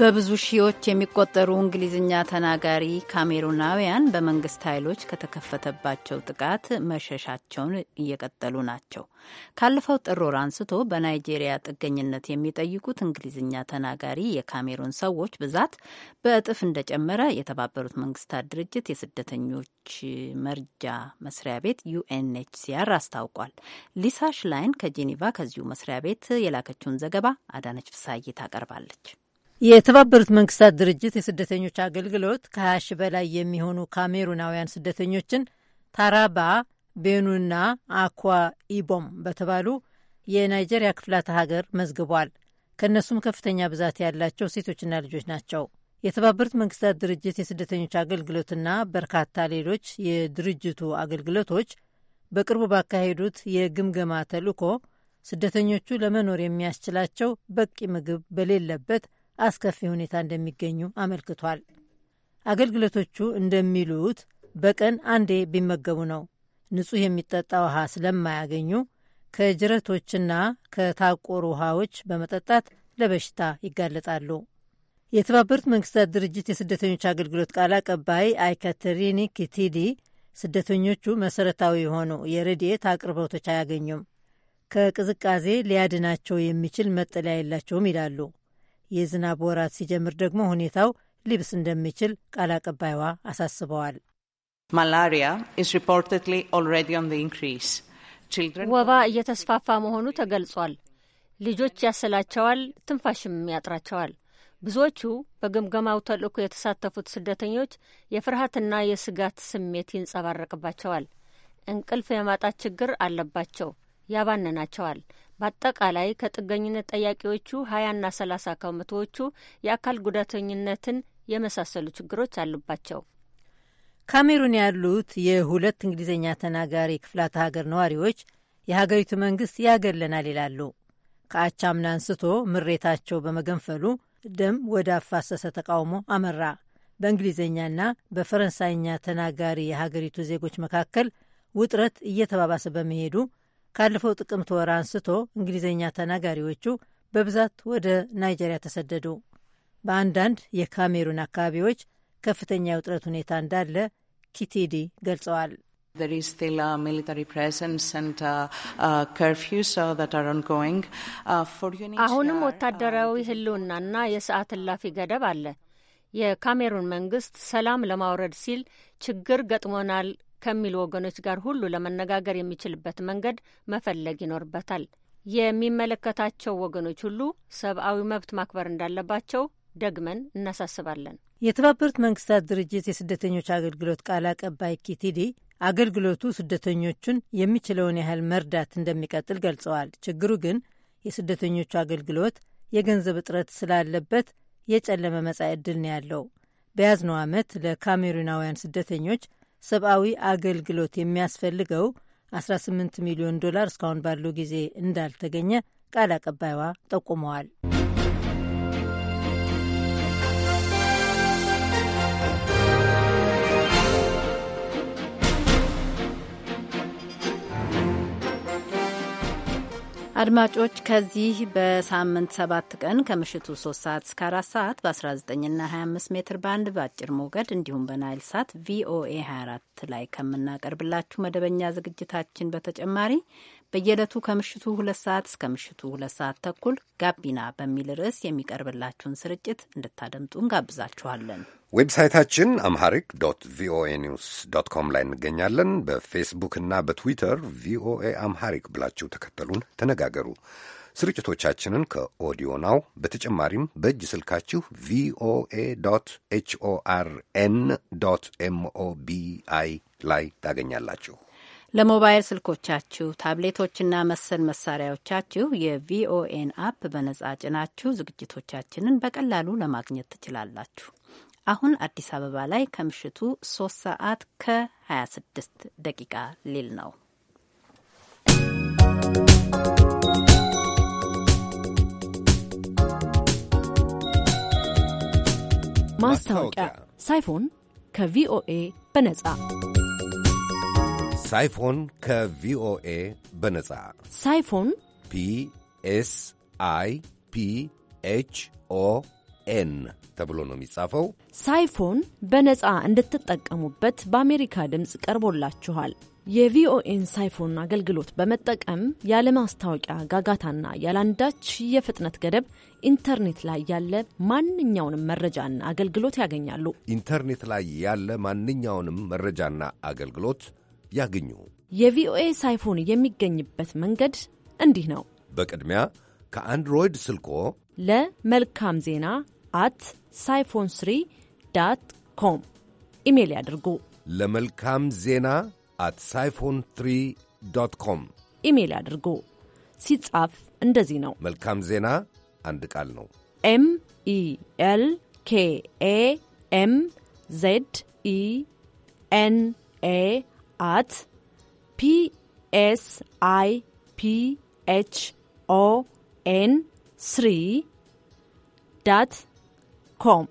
በብዙ ሺዎች የሚቆጠሩ እንግሊዝኛ ተናጋሪ ካሜሩናውያን በመንግስት ኃይሎች ከተከፈተባቸው ጥቃት መሸሻቸውን እየቀጠሉ ናቸው። ካለፈው ጥር ወር አንስቶ በናይጄሪያ ጥገኝነት የሚጠይቁት እንግሊዝኛ ተናጋሪ የካሜሩን ሰዎች ብዛት በእጥፍ እንደጨመረ የተባበሩት መንግስታት ድርጅት የስደተኞች መርጃ መስሪያ ቤት ዩኤንኤችሲአር አስታውቋል። ሊሳ ሽላይን ከጄኔቫ ከዚሁ መስሪያ ቤት የላከችውን ዘገባ አዳነች ፍሳይ ታቀርባለች። የተባበሩት መንግስታት ድርጅት የስደተኞች አገልግሎት ከ20 ሺ በላይ የሚሆኑ ካሜሩናውያን ስደተኞችን ታራባ፣ ቤኑና አኳ ኢቦም በተባሉ የናይጄሪያ ክፍላተ ሀገር መዝግቧል። ከእነሱም ከፍተኛ ብዛት ያላቸው ሴቶችና ልጆች ናቸው። የተባበሩት መንግስታት ድርጅት የስደተኞች አገልግሎትና በርካታ ሌሎች የድርጅቱ አገልግሎቶች በቅርቡ ባካሄዱት የግምገማ ተልኮ ስደተኞቹ ለመኖር የሚያስችላቸው በቂ ምግብ በሌለበት አስከፊ ሁኔታ እንደሚገኙ አመልክቷል። አገልግሎቶቹ እንደሚሉት በቀን አንዴ ቢመገቡ ነው ንጹህ የሚጠጣ ውሃ ስለማያገኙ ከጅረቶችና ከታቆሩ ውሃዎች በመጠጣት ለበሽታ ይጋለጣሉ። የተባበሩት መንግስታት ድርጅት የስደተኞች አገልግሎት ቃል አቀባይ አይካተሪኒ ኪቲዲ ስደተኞቹ መሰረታዊ የሆኑ የረድኤት አቅርቦቶች አያገኙም፣ ከቅዝቃዜ ሊያድናቸው የሚችል መጠለያ የላቸውም ይላሉ። የዝናብ ወራት ሲጀምር ደግሞ ሁኔታው ሊብስ እንደሚችል ቃል አቀባይዋ አሳስበዋል። ማላሪያ ኢዝ ሪፖርትድሊ ኦልሬዲ ኦን ዘ ኢንክሪስ ወባ እየተስፋፋ መሆኑ ተገልጿል። ልጆች ያሰላቸዋል፣ ትንፋሽም ያጥራቸዋል። ብዙዎቹ በግምገማው ተልእኮ የተሳተፉት ስደተኞች የፍርሃትና የስጋት ስሜት ይንጸባረቅባቸዋል። እንቅልፍ የማጣት ችግር አለባቸው፣ ያባንናቸዋል። በአጠቃላይ ከጥገኝነት ጠያቂዎቹ ሀያና ሰላሳ ከመቶዎቹ የአካል ጉዳተኝነትን የመሳሰሉ ችግሮች አሉባቸው። ካሜሩን ያሉት የሁለት እንግሊዝኛ ተናጋሪ ክፍላተ ሀገር ነዋሪዎች የሀገሪቱ መንግስት ያገለናል ይላሉ። ከአቻምና አንስቶ ምሬታቸው በመገንፈሉ ደም ወደ አፋሰሰ ተቃውሞ አመራ። በእንግሊዝኛና በፈረንሳይኛ ተናጋሪ የሀገሪቱ ዜጎች መካከል ውጥረት እየተባባሰ በመሄዱ ካለፈው ጥቅምት ወር አንስቶ እንግሊዝኛ ተናጋሪዎቹ በብዛት ወደ ናይጄሪያ ተሰደዱ። በአንዳንድ የካሜሩን አካባቢዎች ከፍተኛ የውጥረት ሁኔታ እንዳለ ኪቲዲ ገልጸዋል። uh, አሁንም uh, ወታደራዊ ሕልውናና uh, የሰዓት እላፊ ገደብ አለ። የካሜሩን መንግስት ሰላም ለማውረድ ሲል ችግር ገጥሞናል ከሚሉ ወገኖች ጋር ሁሉ ለመነጋገር የሚችልበት መንገድ መፈለግ ይኖርበታል። የሚመለከታቸው ወገኖች ሁሉ ሰብአዊ መብት ማክበር እንዳለባቸው ደግመን እናሳስባለን። የተባበሩት መንግስታት ድርጅት የስደተኞች አገልግሎት ቃል አቀባይ ኪቲዲ አገልግሎቱ ስደተኞቹን የሚችለውን ያህል መርዳት እንደሚቀጥል ገልጸዋል። ችግሩ ግን የስደተኞቹ አገልግሎት የገንዘብ እጥረት ስላለበት የጨለመ መጻኢ ዕድል ነው ያለው። በያዝነው ዓመት ለካሜሩናውያን ስደተኞች ሰብአዊ አገልግሎት የሚያስፈልገው 18 ሚሊዮን ዶላር እስካሁን ባለው ጊዜ እንዳልተገኘ ቃል አቀባይዋ ጠቁመዋል። አድማጮች ከዚህ በሳምንት ሰባት ቀን ከምሽቱ 3 ሰዓት እስከ 4 ሰዓት በ19ና 25 ሜትር ባንድ በአጭር ሞገድ እንዲሁም በናይል ሳት ቪኦኤ 24 ላይ ከምናቀርብላችሁ መደበኛ ዝግጅታችን በተጨማሪ በየዕለቱ ከምሽቱ ሁለት ሰዓት እስከ ምሽቱ ሁለት ሰዓት ተኩል ጋቢና በሚል ርዕስ የሚቀርብላችሁን ስርጭት እንድታደምጡ እንጋብዛችኋለን። ዌብሳይታችን አምሃሪክ ዶት ቪኦኤ ኒውስ ዶት ኮም ላይ እንገኛለን። በፌስቡክ እና በትዊተር ቪኦኤ አምሃሪክ ብላችሁ ተከተሉን፣ ተነጋገሩ። ስርጭቶቻችንን ከኦዲዮ ናው በተጨማሪም በእጅ ስልካችሁ ቪኦኤ ዶት ኤን ዶት ኤምኦቢአይ ላይ ታገኛላችሁ። ለሞባይል ስልኮቻችሁ ታብሌቶችና መሰል መሳሪያዎቻችሁ የቪኦኤን አፕ በነጻ ጭናችሁ ዝግጅቶቻችንን በቀላሉ ለማግኘት ትችላላችሁ። አሁን አዲስ አበባ ላይ ከምሽቱ 3 ሰዓት ከ26 ደቂቃ ሊል ነው። ማስታወቂያ ሳይፎን ከቪኦኤ በነጻ ሳይፎን ከቪኦኤ በነጻ ሳይፎን ፒ አይ ፒ ኤች ኦ ኤን ተብሎ ነው የሚጻፈው። ሳይፎን በነጻ እንድትጠቀሙበት በአሜሪካ ድምፅ ቀርቦላችኋል። የቪኦኤን ሳይፎን አገልግሎት በመጠቀም ያለማስታወቂያ ጋጋታና ያላንዳች የፍጥነት ገደብ ኢንተርኔት ላይ ያለ ማንኛውንም መረጃና አገልግሎት ያገኛሉ። ኢንተርኔት ላይ ያለ ማንኛውንም መረጃና አገልግሎት ያግኙ። የቪኦኤ ሳይፎን የሚገኝበት መንገድ እንዲህ ነው። በቅድሚያ ከአንድሮይድ ስልኮ ለመልካም ዜና አት ሳይፎን ስሪ ዳት ኮም ኢሜይል ያድርጉ። ለመልካም ዜና አት ሳይፎን ትሪ ዶት ኮም ኢሜይል ያድርጉ። ሲጻፍ እንደዚህ ነው። መልካም ዜና አንድ ቃል ነው። ኤም ኢ ኤል ኬ ኤ ኤም ዜድ ኢ ኤን ኤ አት ፒ ኤስ አይ ፒ ኤች ኦ ኤን ስሪ ዳት ኮም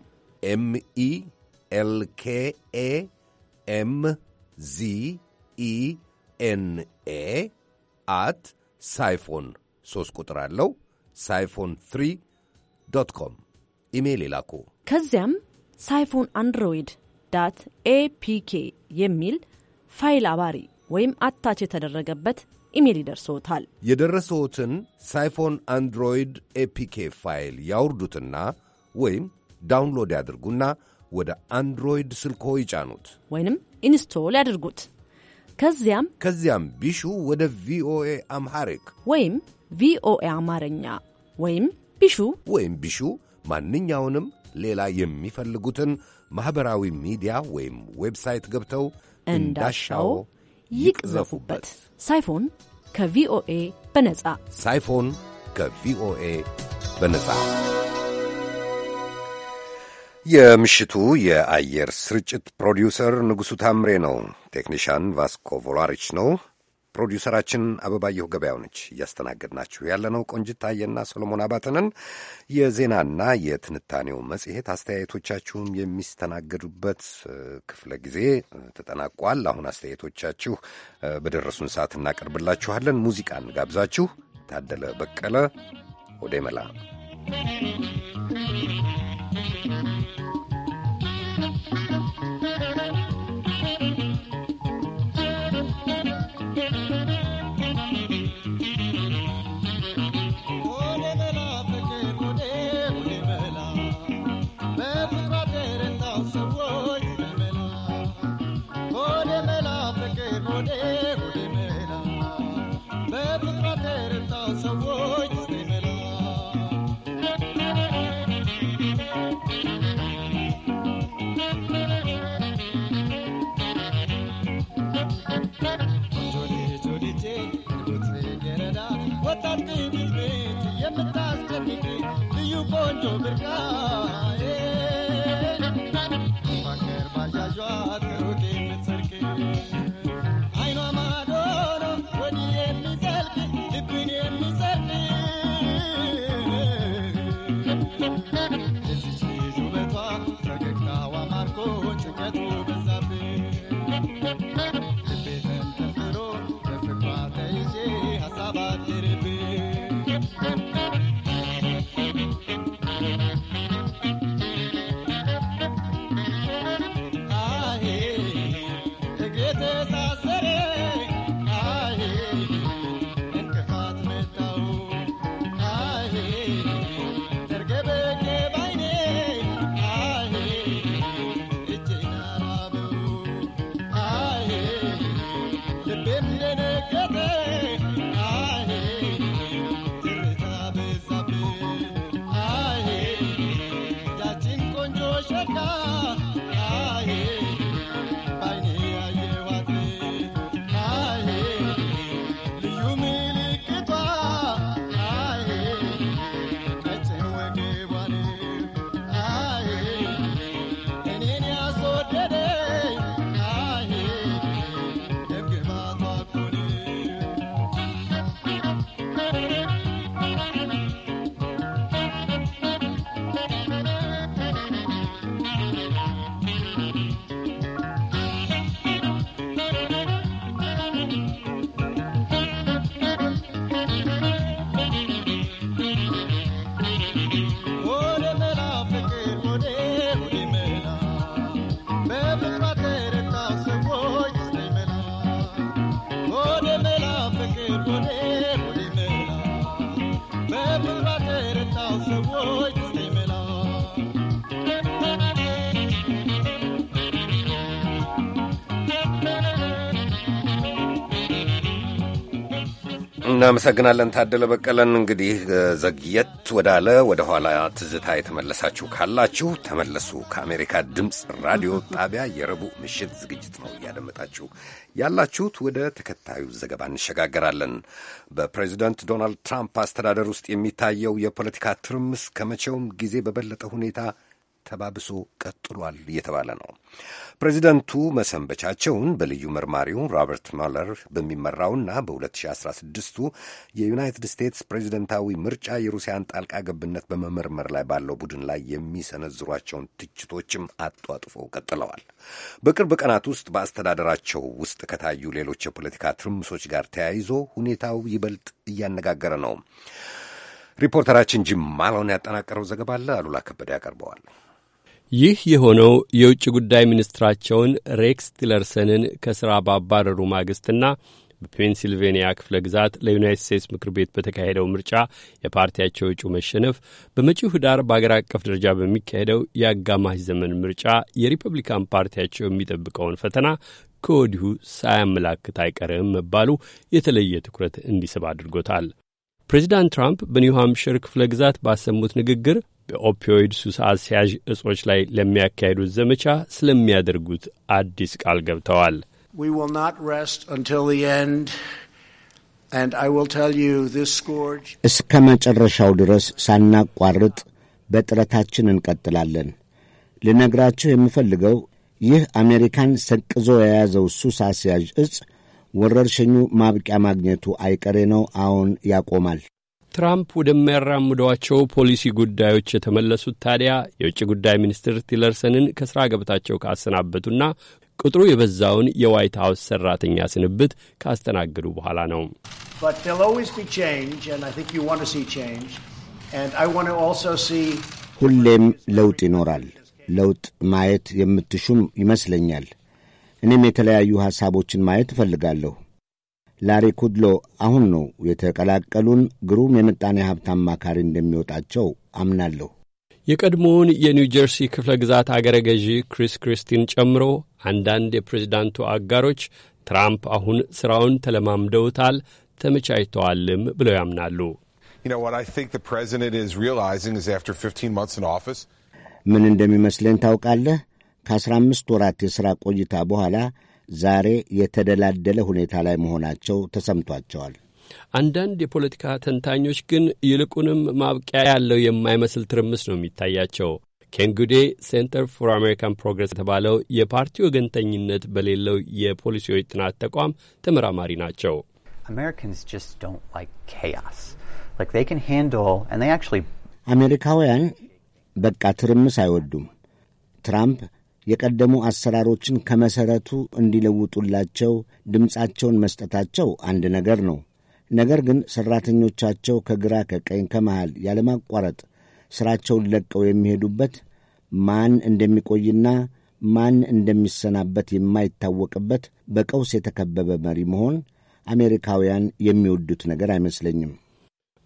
ኤም ኢ ኤል ኬ ኤ ኤም ዚ ኢ ኤን ኤ አት ሳይፎን ቁጥር አለው ሳይፎን ትሪ ዶት ኮም ኢሜይል ይላኩ። ከዚያም ሳይፎን አንድሮይድ ዳት ኤፒኬ የሚል ፋይል አባሪ ወይም አታች የተደረገበት ኢሜል ይደርሶታል። የደረሰዎትን ሳይፎን አንድሮይድ ኤፒኬ ፋይል ያውርዱትና ወይም ዳውንሎድ ያድርጉና ወደ አንድሮይድ ስልኮ ይጫኑት ወይንም ኢንስቶል ያድርጉት። ከዚያም ከዚያም ቢሹ ወደ ቪኦኤ አምሐሪክ ወይም ቪኦኤ አማርኛ ወይም ቢሹ ወይም ቢሹ ማንኛውንም ሌላ የሚፈልጉትን ማኅበራዊ ሚዲያ ወይም ዌብሳይት ገብተው እንዳሻው ይቅዘፉበት። ሳይፎን ከቪኦኤ በነጻ ሳይፎን ከቪኦኤ በነጻ የምሽቱ የአየር ስርጭት ፕሮዲውሰር ንጉሡ ታምሬ ነው። ቴክኒሽያን ቫስኮ ቮላሪች ነው። ፕሮዲውሰራችን አበባየሁ ገበያው ነች። እያስተናገድናችሁ ያለነው ቆንጅታየና ሰሎሞን አባተንን። የዜናና የትንታኔው መጽሔት አስተያየቶቻችሁም የሚስተናገዱበት ክፍለ ጊዜ ተጠናቋል። አሁን አስተያየቶቻችሁ በደረሱን ሰዓት እናቀርብላችኋለን። ሙዚቃን ጋብዛችሁ ታደለ በቀለ ወደ መላ जा እናመሰግናለን ታደለ በቀለን። እንግዲህ ዘግየት ወዳለ ወደ ኋላ ትዝታ የተመለሳችሁ ካላችሁ ተመለሱ። ከአሜሪካ ድምፅ ራዲዮ ጣቢያ የረቡዕ ምሽት ዝግጅት ነው እያደመጣችሁ ያላችሁት። ወደ ተከታዩ ዘገባ እንሸጋገራለን። በፕሬዚደንት ዶናልድ ትራምፕ አስተዳደር ውስጥ የሚታየው የፖለቲካ ትርምስ ከመቼውም ጊዜ በበለጠ ሁኔታ ተባብሶ ቀጥሏል እየተባለ ነው። ፕሬዚደንቱ መሰንበቻቸውን በልዩ መርማሪው ሮበርት ማለር በሚመራውና በ2016ቱ የዩናይትድ ስቴትስ ፕሬዚደንታዊ ምርጫ የሩሲያን ጣልቃ ገብነት በመመርመር ላይ ባለው ቡድን ላይ የሚሰነዝሯቸውን ትችቶችም አጧጥፈው ቀጥለዋል። በቅርብ ቀናት ውስጥ በአስተዳደራቸው ውስጥ ከታዩ ሌሎች የፖለቲካ ትርምሶች ጋር ተያይዞ ሁኔታው ይበልጥ እያነጋገረ ነው። ሪፖርተራችን ጂም ማለውን ያጠናቀረው ዘገባ አለ። አሉላ ከበደ ያቀርበዋል። ይህ የሆነው የውጭ ጉዳይ ሚኒስትራቸውን ሬክስ ቲለርሰንን ከሥራ ባባረሩ ማግስትና በፔንሲልቬንያ ክፍለ ግዛት ለዩናይትድ ስቴትስ ምክር ቤት በተካሄደው ምርጫ የፓርቲያቸው እጩ መሸነፍ በመጪው ህዳር በአገር አቀፍ ደረጃ በሚካሄደው የአጋማሽ ዘመን ምርጫ የሪፐብሊካን ፓርቲያቸው የሚጠብቀውን ፈተና ከወዲሁ ሳያመላክት አይቀርም መባሉ የተለየ ትኩረት እንዲስብ አድርጎታል። ፕሬዚዳንት ትራምፕ በኒው ክፍለ ግዛት ባሰሙት ንግግር በኦፒዮይድ ሱስ አስያዥ እጾች ላይ ለሚያካሂዱት ዘመቻ ስለሚያደርጉት አዲስ ቃል ገብተዋል። እስከ መጨረሻው ድረስ ሳናቋርጥ በጥረታችን እንቀጥላለን። ልነግራችሁ የምፈልገው ይህ አሜሪካን ሰቅዞ የያዘው ሱስ አስያዥ እጽ ወረርሽኙ ማብቂያ ማግኘቱ አይቀሬ ነው። አሁን ያቆማል። ትራምፕ ወደማያራምዷቸው ፖሊሲ ጉዳዮች የተመለሱት ታዲያ የውጭ ጉዳይ ሚኒስትር ቲለርሰንን ከሥራ ገበታቸው ካሰናበቱና ቁጥሩ የበዛውን የዋይት ሀውስ ሠራተኛ ስንብት ካስተናገዱ በኋላ ነው። ሁሌም ለውጥ ይኖራል። ለውጥ ማየት የምትሹም ይመስለኛል። እኔም የተለያዩ ሐሳቦችን ማየት እፈልጋለሁ። ላሪ ኩድሎ አሁን ነው የተቀላቀሉን። ግሩም የምጣኔ ሀብት አማካሪ እንደሚወጣቸው አምናለሁ። የቀድሞውን የኒው ጀርሲ ክፍለ ግዛት አገረ ገዢ ክሪስ ክሪስቲን ጨምሮ አንዳንድ የፕሬዚዳንቱ አጋሮች ትራምፕ አሁን ሥራውን ተለማምደውታል፣ ተመቻችተዋልም ብለው ያምናሉ። ምን እንደሚመስለኝ ታውቃለህ? ከአስራ አምስት ወራት የሥራ ቆይታ በኋላ ዛሬ የተደላደለ ሁኔታ ላይ መሆናቸው ተሰምቷቸዋል። አንዳንድ የፖለቲካ ተንታኞች ግን ይልቁንም ማብቂያ ያለው የማይመስል ትርምስ ነው የሚታያቸው። ኬንጉዴ ሴንተር ፎር አሜሪካን ፕሮግረስ የተባለው የፓርቲ ወገንተኝነት በሌለው የፖሊሲዎች ጥናት ተቋም ተመራማሪ ናቸው። አሜሪካውያን በቃ ትርምስ አይወዱም። ትራምፕ የቀደሙ አሰራሮችን ከመሠረቱ እንዲለውጡላቸው ድምፃቸውን መስጠታቸው አንድ ነገር ነው። ነገር ግን ሠራተኞቻቸው ከግራ ከቀኝ ከመሃል ያለማቋረጥ ሥራቸውን ለቀው የሚሄዱበት ማን እንደሚቆይና ማን እንደሚሰናበት የማይታወቅበት በቀውስ የተከበበ መሪ መሆን አሜሪካውያን የሚወዱት ነገር አይመስለኝም።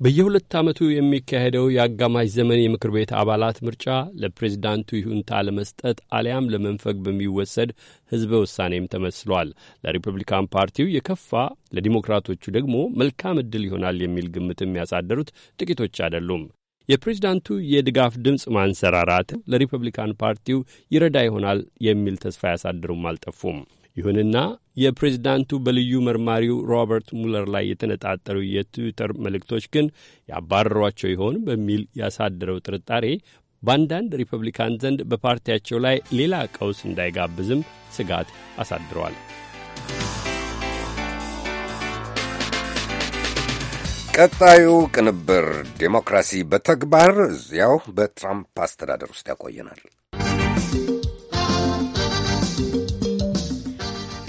በየሁለት ዓመቱ የሚካሄደው የአጋማሽ ዘመን የምክር ቤት አባላት ምርጫ ለፕሬዚዳንቱ ይሁንታ ለመስጠት አሊያም ለመንፈግ በሚወሰድ ሕዝበ ውሳኔም ተመስሏል። ለሪፐብሊካን ፓርቲው የከፋ ለዲሞክራቶቹ ደግሞ መልካም ዕድል ይሆናል የሚል ግምትም ያሳደሩት ጥቂቶች አይደሉም። የፕሬዚዳንቱ የድጋፍ ድምፅ ማንሰራራት ለሪፐብሊካን ፓርቲው ይረዳ ይሆናል የሚል ተስፋ ያሳደሩም አልጠፉም። ይሁንና የፕሬዝዳንቱ በልዩ መርማሪው ሮበርት ሙለር ላይ የተነጣጠሩ የትዊተር መልእክቶች ግን ያባረሯቸው ይሆን በሚል ያሳደረው ጥርጣሬ በአንዳንድ ሪፐብሊካን ዘንድ በፓርቲያቸው ላይ ሌላ ቀውስ እንዳይጋብዝም ስጋት አሳድረዋል። ቀጣዩ ቅንብር ዴሞክራሲ በተግባር እዚያው በትራምፕ አስተዳደር ውስጥ ያቆየናል።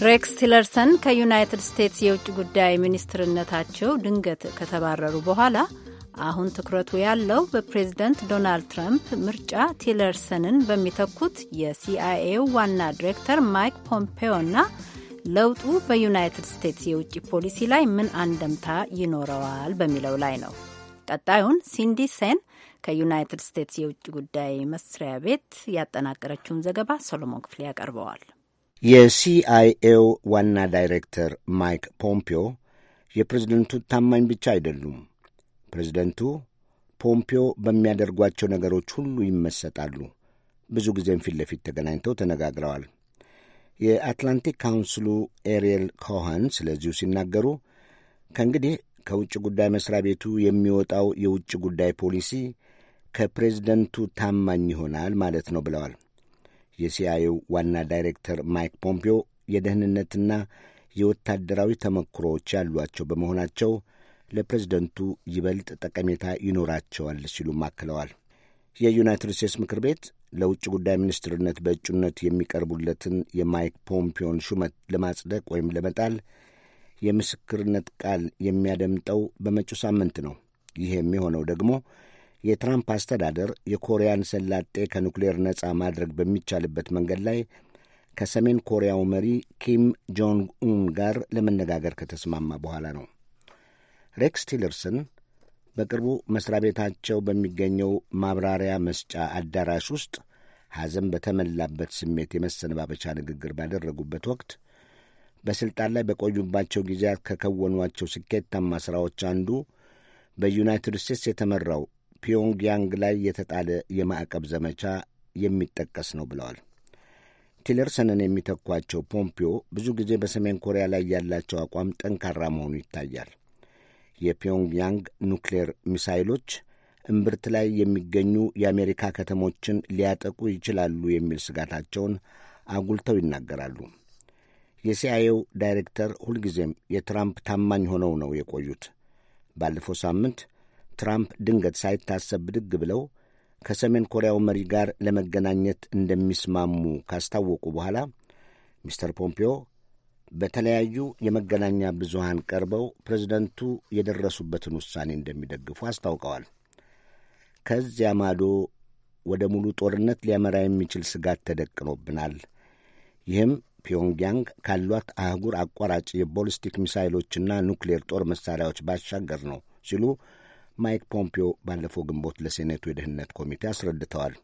ሬክስ ቲለርሰን ከዩናይትድ ስቴትስ የውጭ ጉዳይ ሚኒስትርነታቸው ድንገት ከተባረሩ በኋላ አሁን ትኩረቱ ያለው በፕሬዝደንት ዶናልድ ትራምፕ ምርጫ ቲለርሰንን በሚተኩት የሲአይኤው ዋና ዲሬክተር ማይክ ፖምፔዮና ለውጡ በዩናይትድ ስቴትስ የውጭ ፖሊሲ ላይ ምን አንደምታ ይኖረዋል በሚለው ላይ ነው። ቀጣዩን ሲንዲ ሴን ከዩናይትድ ስቴትስ የውጭ ጉዳይ መስሪያ ቤት ያጠናቀረችውን ዘገባ ሶሎሞን ክፍሌ ያቀርበዋል። የሲአይኤው ዋና ዳይሬክተር ማይክ ፖምፒዮ የፕሬዝደንቱ ታማኝ ብቻ አይደሉም። ፕሬዝደንቱ ፖምፒዮ በሚያደርጓቸው ነገሮች ሁሉ ይመሰጣሉ። ብዙ ጊዜም ፊት ለፊት ተገናኝተው ተነጋግረዋል። የአትላንቲክ ካውንስሉ ኤሪየል ኮኸን ስለዚሁ ሲናገሩ ከእንግዲህ ከውጭ ጉዳይ መስሪያ ቤቱ የሚወጣው የውጭ ጉዳይ ፖሊሲ ከፕሬዝደንቱ ታማኝ ይሆናል ማለት ነው ብለዋል። የሲአይኤው ዋና ዳይሬክተር ማይክ ፖምፒዮ የደህንነትና የወታደራዊ ተመክሮዎች ያሏቸው በመሆናቸው ለፕሬዝደንቱ ይበልጥ ጠቀሜታ ይኖራቸዋል ሲሉም አክለዋል። የዩናይትድ ስቴትስ ምክር ቤት ለውጭ ጉዳይ ሚኒስትርነት በእጩነት የሚቀርቡለትን የማይክ ፖምፒዮን ሹመት ለማጽደቅ ወይም ለመጣል የምስክርነት ቃል የሚያደምጠው በመጪው ሳምንት ነው። ይህ የሚሆነው ደግሞ የትራምፕ አስተዳደር የኮሪያን ሰላጤ ከኑክሌር ነፃ ማድረግ በሚቻልበት መንገድ ላይ ከሰሜን ኮሪያው መሪ ኪም ጆንግ ኡን ጋር ለመነጋገር ከተስማማ በኋላ ነው። ሬክስ ቲለርሰን በቅርቡ መስሪያ ቤታቸው በሚገኘው ማብራሪያ መስጫ አዳራሽ ውስጥ ሐዘን በተሞላበት ስሜት የመሰነባበቻ ንግግር ባደረጉበት ወቅት በሥልጣን ላይ በቆዩባቸው ጊዜያት ከከወኗቸው ስኬታማ ሥራዎች አንዱ በዩናይትድ ስቴትስ የተመራው ፒዮንግያንግ ላይ የተጣለ የማዕቀብ ዘመቻ የሚጠቀስ ነው ብለዋል። ቲለርሰንን የሚተኳቸው ፖምፒዮ ብዙ ጊዜ በሰሜን ኮሪያ ላይ ያላቸው አቋም ጠንካራ መሆኑ ይታያል። የፒዮንግያንግ ኑክሌር ሚሳይሎች እምብርት ላይ የሚገኙ የአሜሪካ ከተሞችን ሊያጠቁ ይችላሉ የሚል ስጋታቸውን አጉልተው ይናገራሉ። የሲአይኤው ዳይሬክተር ሁልጊዜም የትራምፕ ታማኝ ሆነው ነው የቆዩት። ባለፈው ሳምንት ትራምፕ ድንገት ሳይታሰብ ብድግ ብለው ከሰሜን ኮሪያው መሪ ጋር ለመገናኘት እንደሚስማሙ ካስታወቁ በኋላ ሚስተር ፖምፒዮ በተለያዩ የመገናኛ ብዙሃን ቀርበው ፕሬዝደንቱ የደረሱበትን ውሳኔ እንደሚደግፉ አስታውቀዋል። ከዚያ ማዶ ወደ ሙሉ ጦርነት ሊያመራ የሚችል ስጋት ተደቅኖብናል። ይህም ፒዮንግያንግ ካሏት አህጉር አቋራጭ የቦሊስቲክ ሚሳይሎችና ኑክሌር ጦር መሳሪያዎች ባሻገር ነው ሲሉ ማይክ ፖምፒዮ ባለፈው ግንቦት ለሴኔቱ የደህንነት ኮሚቴ አስረድተዋል።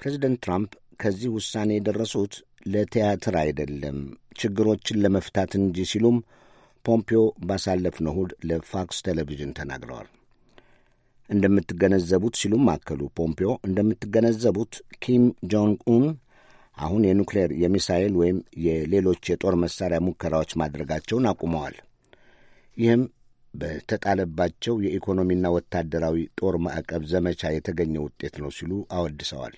ፕሬዚደንት ትራምፕ ከዚህ ውሳኔ የደረሱት ለቲያትር አይደለም፣ ችግሮችን ለመፍታት እንጂ ሲሉም ፖምፒዮ ባሳለፍነው እሁድ ለፋክስ ቴሌቪዥን ተናግረዋል። እንደምትገነዘቡት ሲሉም አከሉ ፖምፒዮ እንደምትገነዘቡት ኪም ጆንግ ኡን አሁን የኑክሌር የሚሳይል ወይም የሌሎች የጦር መሳሪያ ሙከራዎች ማድረጋቸውን አቁመዋል። ይህም በተጣለባቸው የኢኮኖሚና ወታደራዊ ጦር ማዕቀብ ዘመቻ የተገኘ ውጤት ነው ሲሉ አወድሰዋል።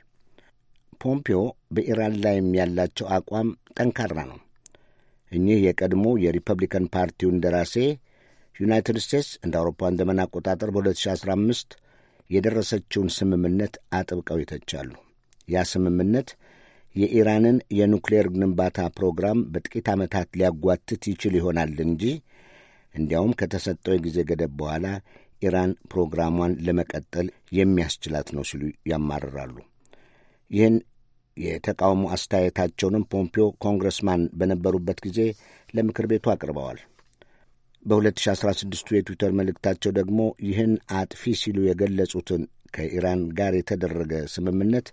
ፖምፒዮ በኢራን ላይም ያላቸው አቋም ጠንካራ ነው። እኚህ የቀድሞ የሪፐብሊካን ፓርቲው እንደራሴ ዩናይትድ ስቴትስ እንደ አውሮፓውያን ዘመን አቆጣጠር በ2015 የደረሰችውን ስምምነት አጥብቀው ይተቻሉ። ያ ስምምነት የኢራንን የኑክሌር ግንባታ ፕሮግራም በጥቂት ዓመታት ሊያጓትት ይችል ይሆናል እንጂ እንዲያውም ከተሰጠው የጊዜ ገደብ በኋላ ኢራን ፕሮግራሟን ለመቀጠል የሚያስችላት ነው ሲሉ ያማርራሉ። ይህን የተቃውሞ አስተያየታቸውንም ፖምፒዮ ኮንግረስማን በነበሩበት ጊዜ ለምክር ቤቱ አቅርበዋል። 2016 የትዊተር መልእክታቸው ደግሞ ይህን አጥፊ ሲሉ የገለጹትን ከኢራን ጋር የተደረገ ስምምነት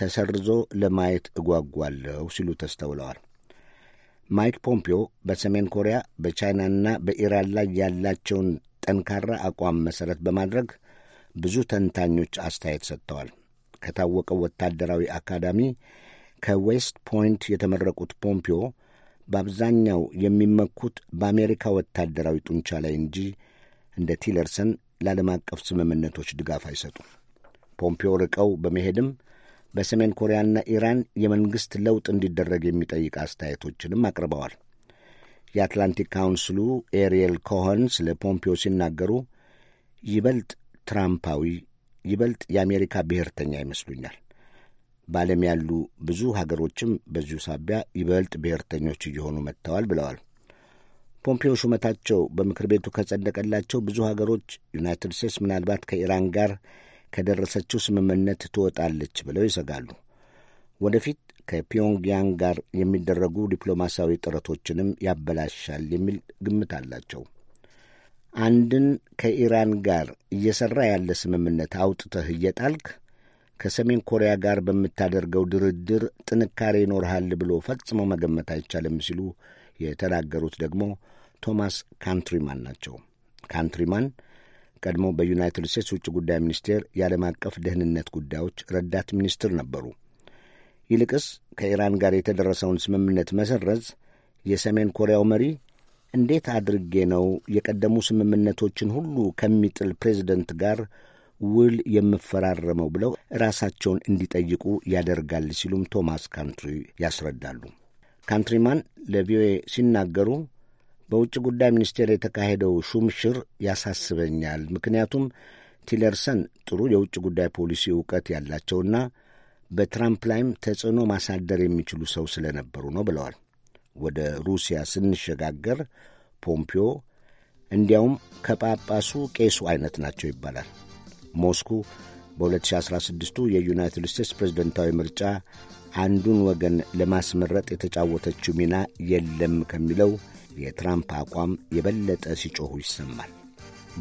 ተሰርዞ ለማየት እጓጓለሁ ሲሉ ተስተውለዋል። ማይክ ፖምፒዮ በሰሜን ኮሪያ በቻይናና በኢራን ላይ ያላቸውን ጠንካራ አቋም መሠረት በማድረግ ብዙ ተንታኞች አስተያየት ሰጥተዋል። ከታወቀው ወታደራዊ አካዳሚ ከዌስት ፖይንት የተመረቁት ፖምፒዮ በአብዛኛው የሚመኩት በአሜሪካ ወታደራዊ ጡንቻ ላይ እንጂ እንደ ቲለርሰን ለዓለም አቀፍ ስምምነቶች ድጋፍ አይሰጡም። ፖምፒዮ ርቀው በመሄድም በሰሜን ኮሪያና ኢራን የመንግሥት ለውጥ እንዲደረግ የሚጠይቅ አስተያየቶችንም አቅርበዋል። የአትላንቲክ ካውንስሉ ኤሪየል ኮሆን ስለ ፖምፒዮ ሲናገሩ ይበልጥ ትራምፓዊ፣ ይበልጥ የአሜሪካ ብሔርተኛ ይመስሉኛል። በዓለም ያሉ ብዙ ሀገሮችም በዚሁ ሳቢያ ይበልጥ ብሔርተኞች እየሆኑ መጥተዋል ብለዋል። ፖምፒዮ ሹመታቸው በምክር ቤቱ ከጸደቀላቸው ብዙ ሀገሮች ዩናይትድ ስቴትስ ምናልባት ከኢራን ጋር ከደረሰችው ስምምነት ትወጣለች ብለው ይሰጋሉ። ወደፊት ከፒዮንግያንግ ጋር የሚደረጉ ዲፕሎማሲያዊ ጥረቶችንም ያበላሻል የሚል ግምት አላቸው። አንድን ከኢራን ጋር እየሠራ ያለ ስምምነት አውጥተህ እየጣልክ ከሰሜን ኮሪያ ጋር በምታደርገው ድርድር ጥንካሬ ይኖርሃል ብሎ ፈጽሞ መገመት አይቻልም ሲሉ የተናገሩት ደግሞ ቶማስ ካንትሪማን ናቸው። ካንትሪማን ቀድሞ በዩናይትድ ስቴትስ ውጭ ጉዳይ ሚኒስቴር የዓለም አቀፍ ደህንነት ጉዳዮች ረዳት ሚኒስትር ነበሩ። ይልቅስ ከኢራን ጋር የተደረሰውን ስምምነት መሰረዝ የሰሜን ኮሪያው መሪ እንዴት አድርጌ ነው የቀደሙ ስምምነቶችን ሁሉ ከሚጥል ፕሬዚደንት ጋር ውል የምፈራረመው ብለው ራሳቸውን እንዲጠይቁ ያደርጋል ሲሉም ቶማስ ካንትሪ ያስረዳሉ። ካንትሪማን ለቪኦኤ ሲናገሩ በውጭ ጉዳይ ሚኒስቴር የተካሄደው ሹምሽር ያሳስበኛል። ምክንያቱም ቲለርሰን ጥሩ የውጭ ጉዳይ ፖሊሲ እውቀት ያላቸውና በትራምፕ ላይም ተጽዕኖ ማሳደር የሚችሉ ሰው ስለነበሩ ነው ብለዋል። ወደ ሩሲያ ስንሸጋገር ፖምፒዮ እንዲያውም ከጳጳሱ ቄሱ አይነት ናቸው ይባላል። ሞስኩ በ2016ቱ የዩናይትድ ስቴትስ ፕሬዝደንታዊ ምርጫ አንዱን ወገን ለማስመረጥ የተጫወተችው ሚና የለም ከሚለው የትራምፕ አቋም የበለጠ ሲጮኹ ይሰማል።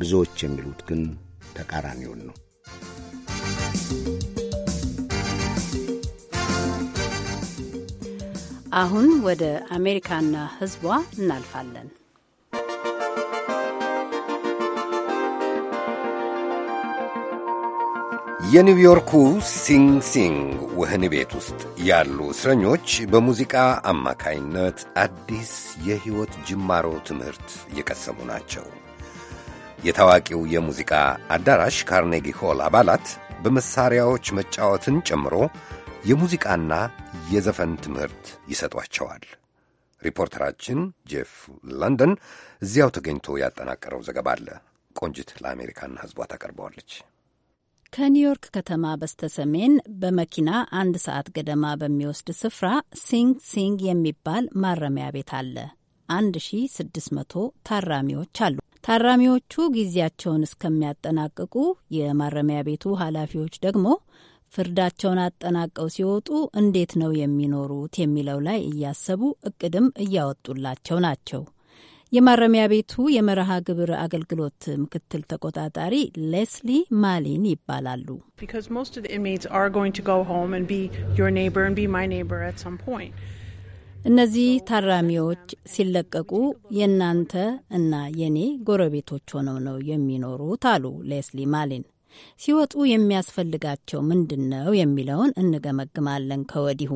ብዙዎች የሚሉት ግን ተቃራኒውን ነው። አሁን ወደ አሜሪካና ሕዝቧ እናልፋለን። የኒውዮርኩ ሲንግ ሲንግ ወህኒ ቤት ውስጥ ያሉ እስረኞች በሙዚቃ አማካይነት አዲስ የሕይወት ጅማሮ ትምህርት እየቀሰሙ ናቸው። የታዋቂው የሙዚቃ አዳራሽ ካርኔጊ ሆል አባላት በመሳሪያዎች መጫወትን ጨምሮ የሙዚቃና የዘፈን ትምህርት ይሰጧቸዋል። ሪፖርተራችን ጄፍ ለንደን እዚያው ተገኝቶ ያጠናቀረው ዘገባ አለ። ቆንጅት ለአሜሪካን ሕዝቧ ታቀርበዋለች። ከኒውዮርክ ከተማ በስተሰሜን በመኪና አንድ ሰዓት ገደማ በሚወስድ ስፍራ ሲንግ ሲንግ የሚባል ማረሚያ ቤት አለ። 1600 ታራሚዎች አሉ። ታራሚዎቹ ጊዜያቸውን እስከሚያጠናቅቁ፣ የማረሚያ ቤቱ ኃላፊዎች ደግሞ ፍርዳቸውን አጠናቀው ሲወጡ እንዴት ነው የሚኖሩት የሚለው ላይ እያሰቡ እቅድም እያወጡላቸው ናቸው። የማረሚያ ቤቱ የመርሃ ግብር አገልግሎት ምክትል ተቆጣጣሪ ሌስሊ ማሊን ይባላሉ። እነዚህ ታራሚዎች ሲለቀቁ የእናንተ እና የኔ ጎረቤቶች ሆነው ነው የሚኖሩት አሉ ሌስሊ ማሊን። ሲወጡ የሚያስፈልጋቸው ምንድን ነው የሚለውን እንገመግማለን ከወዲሁ።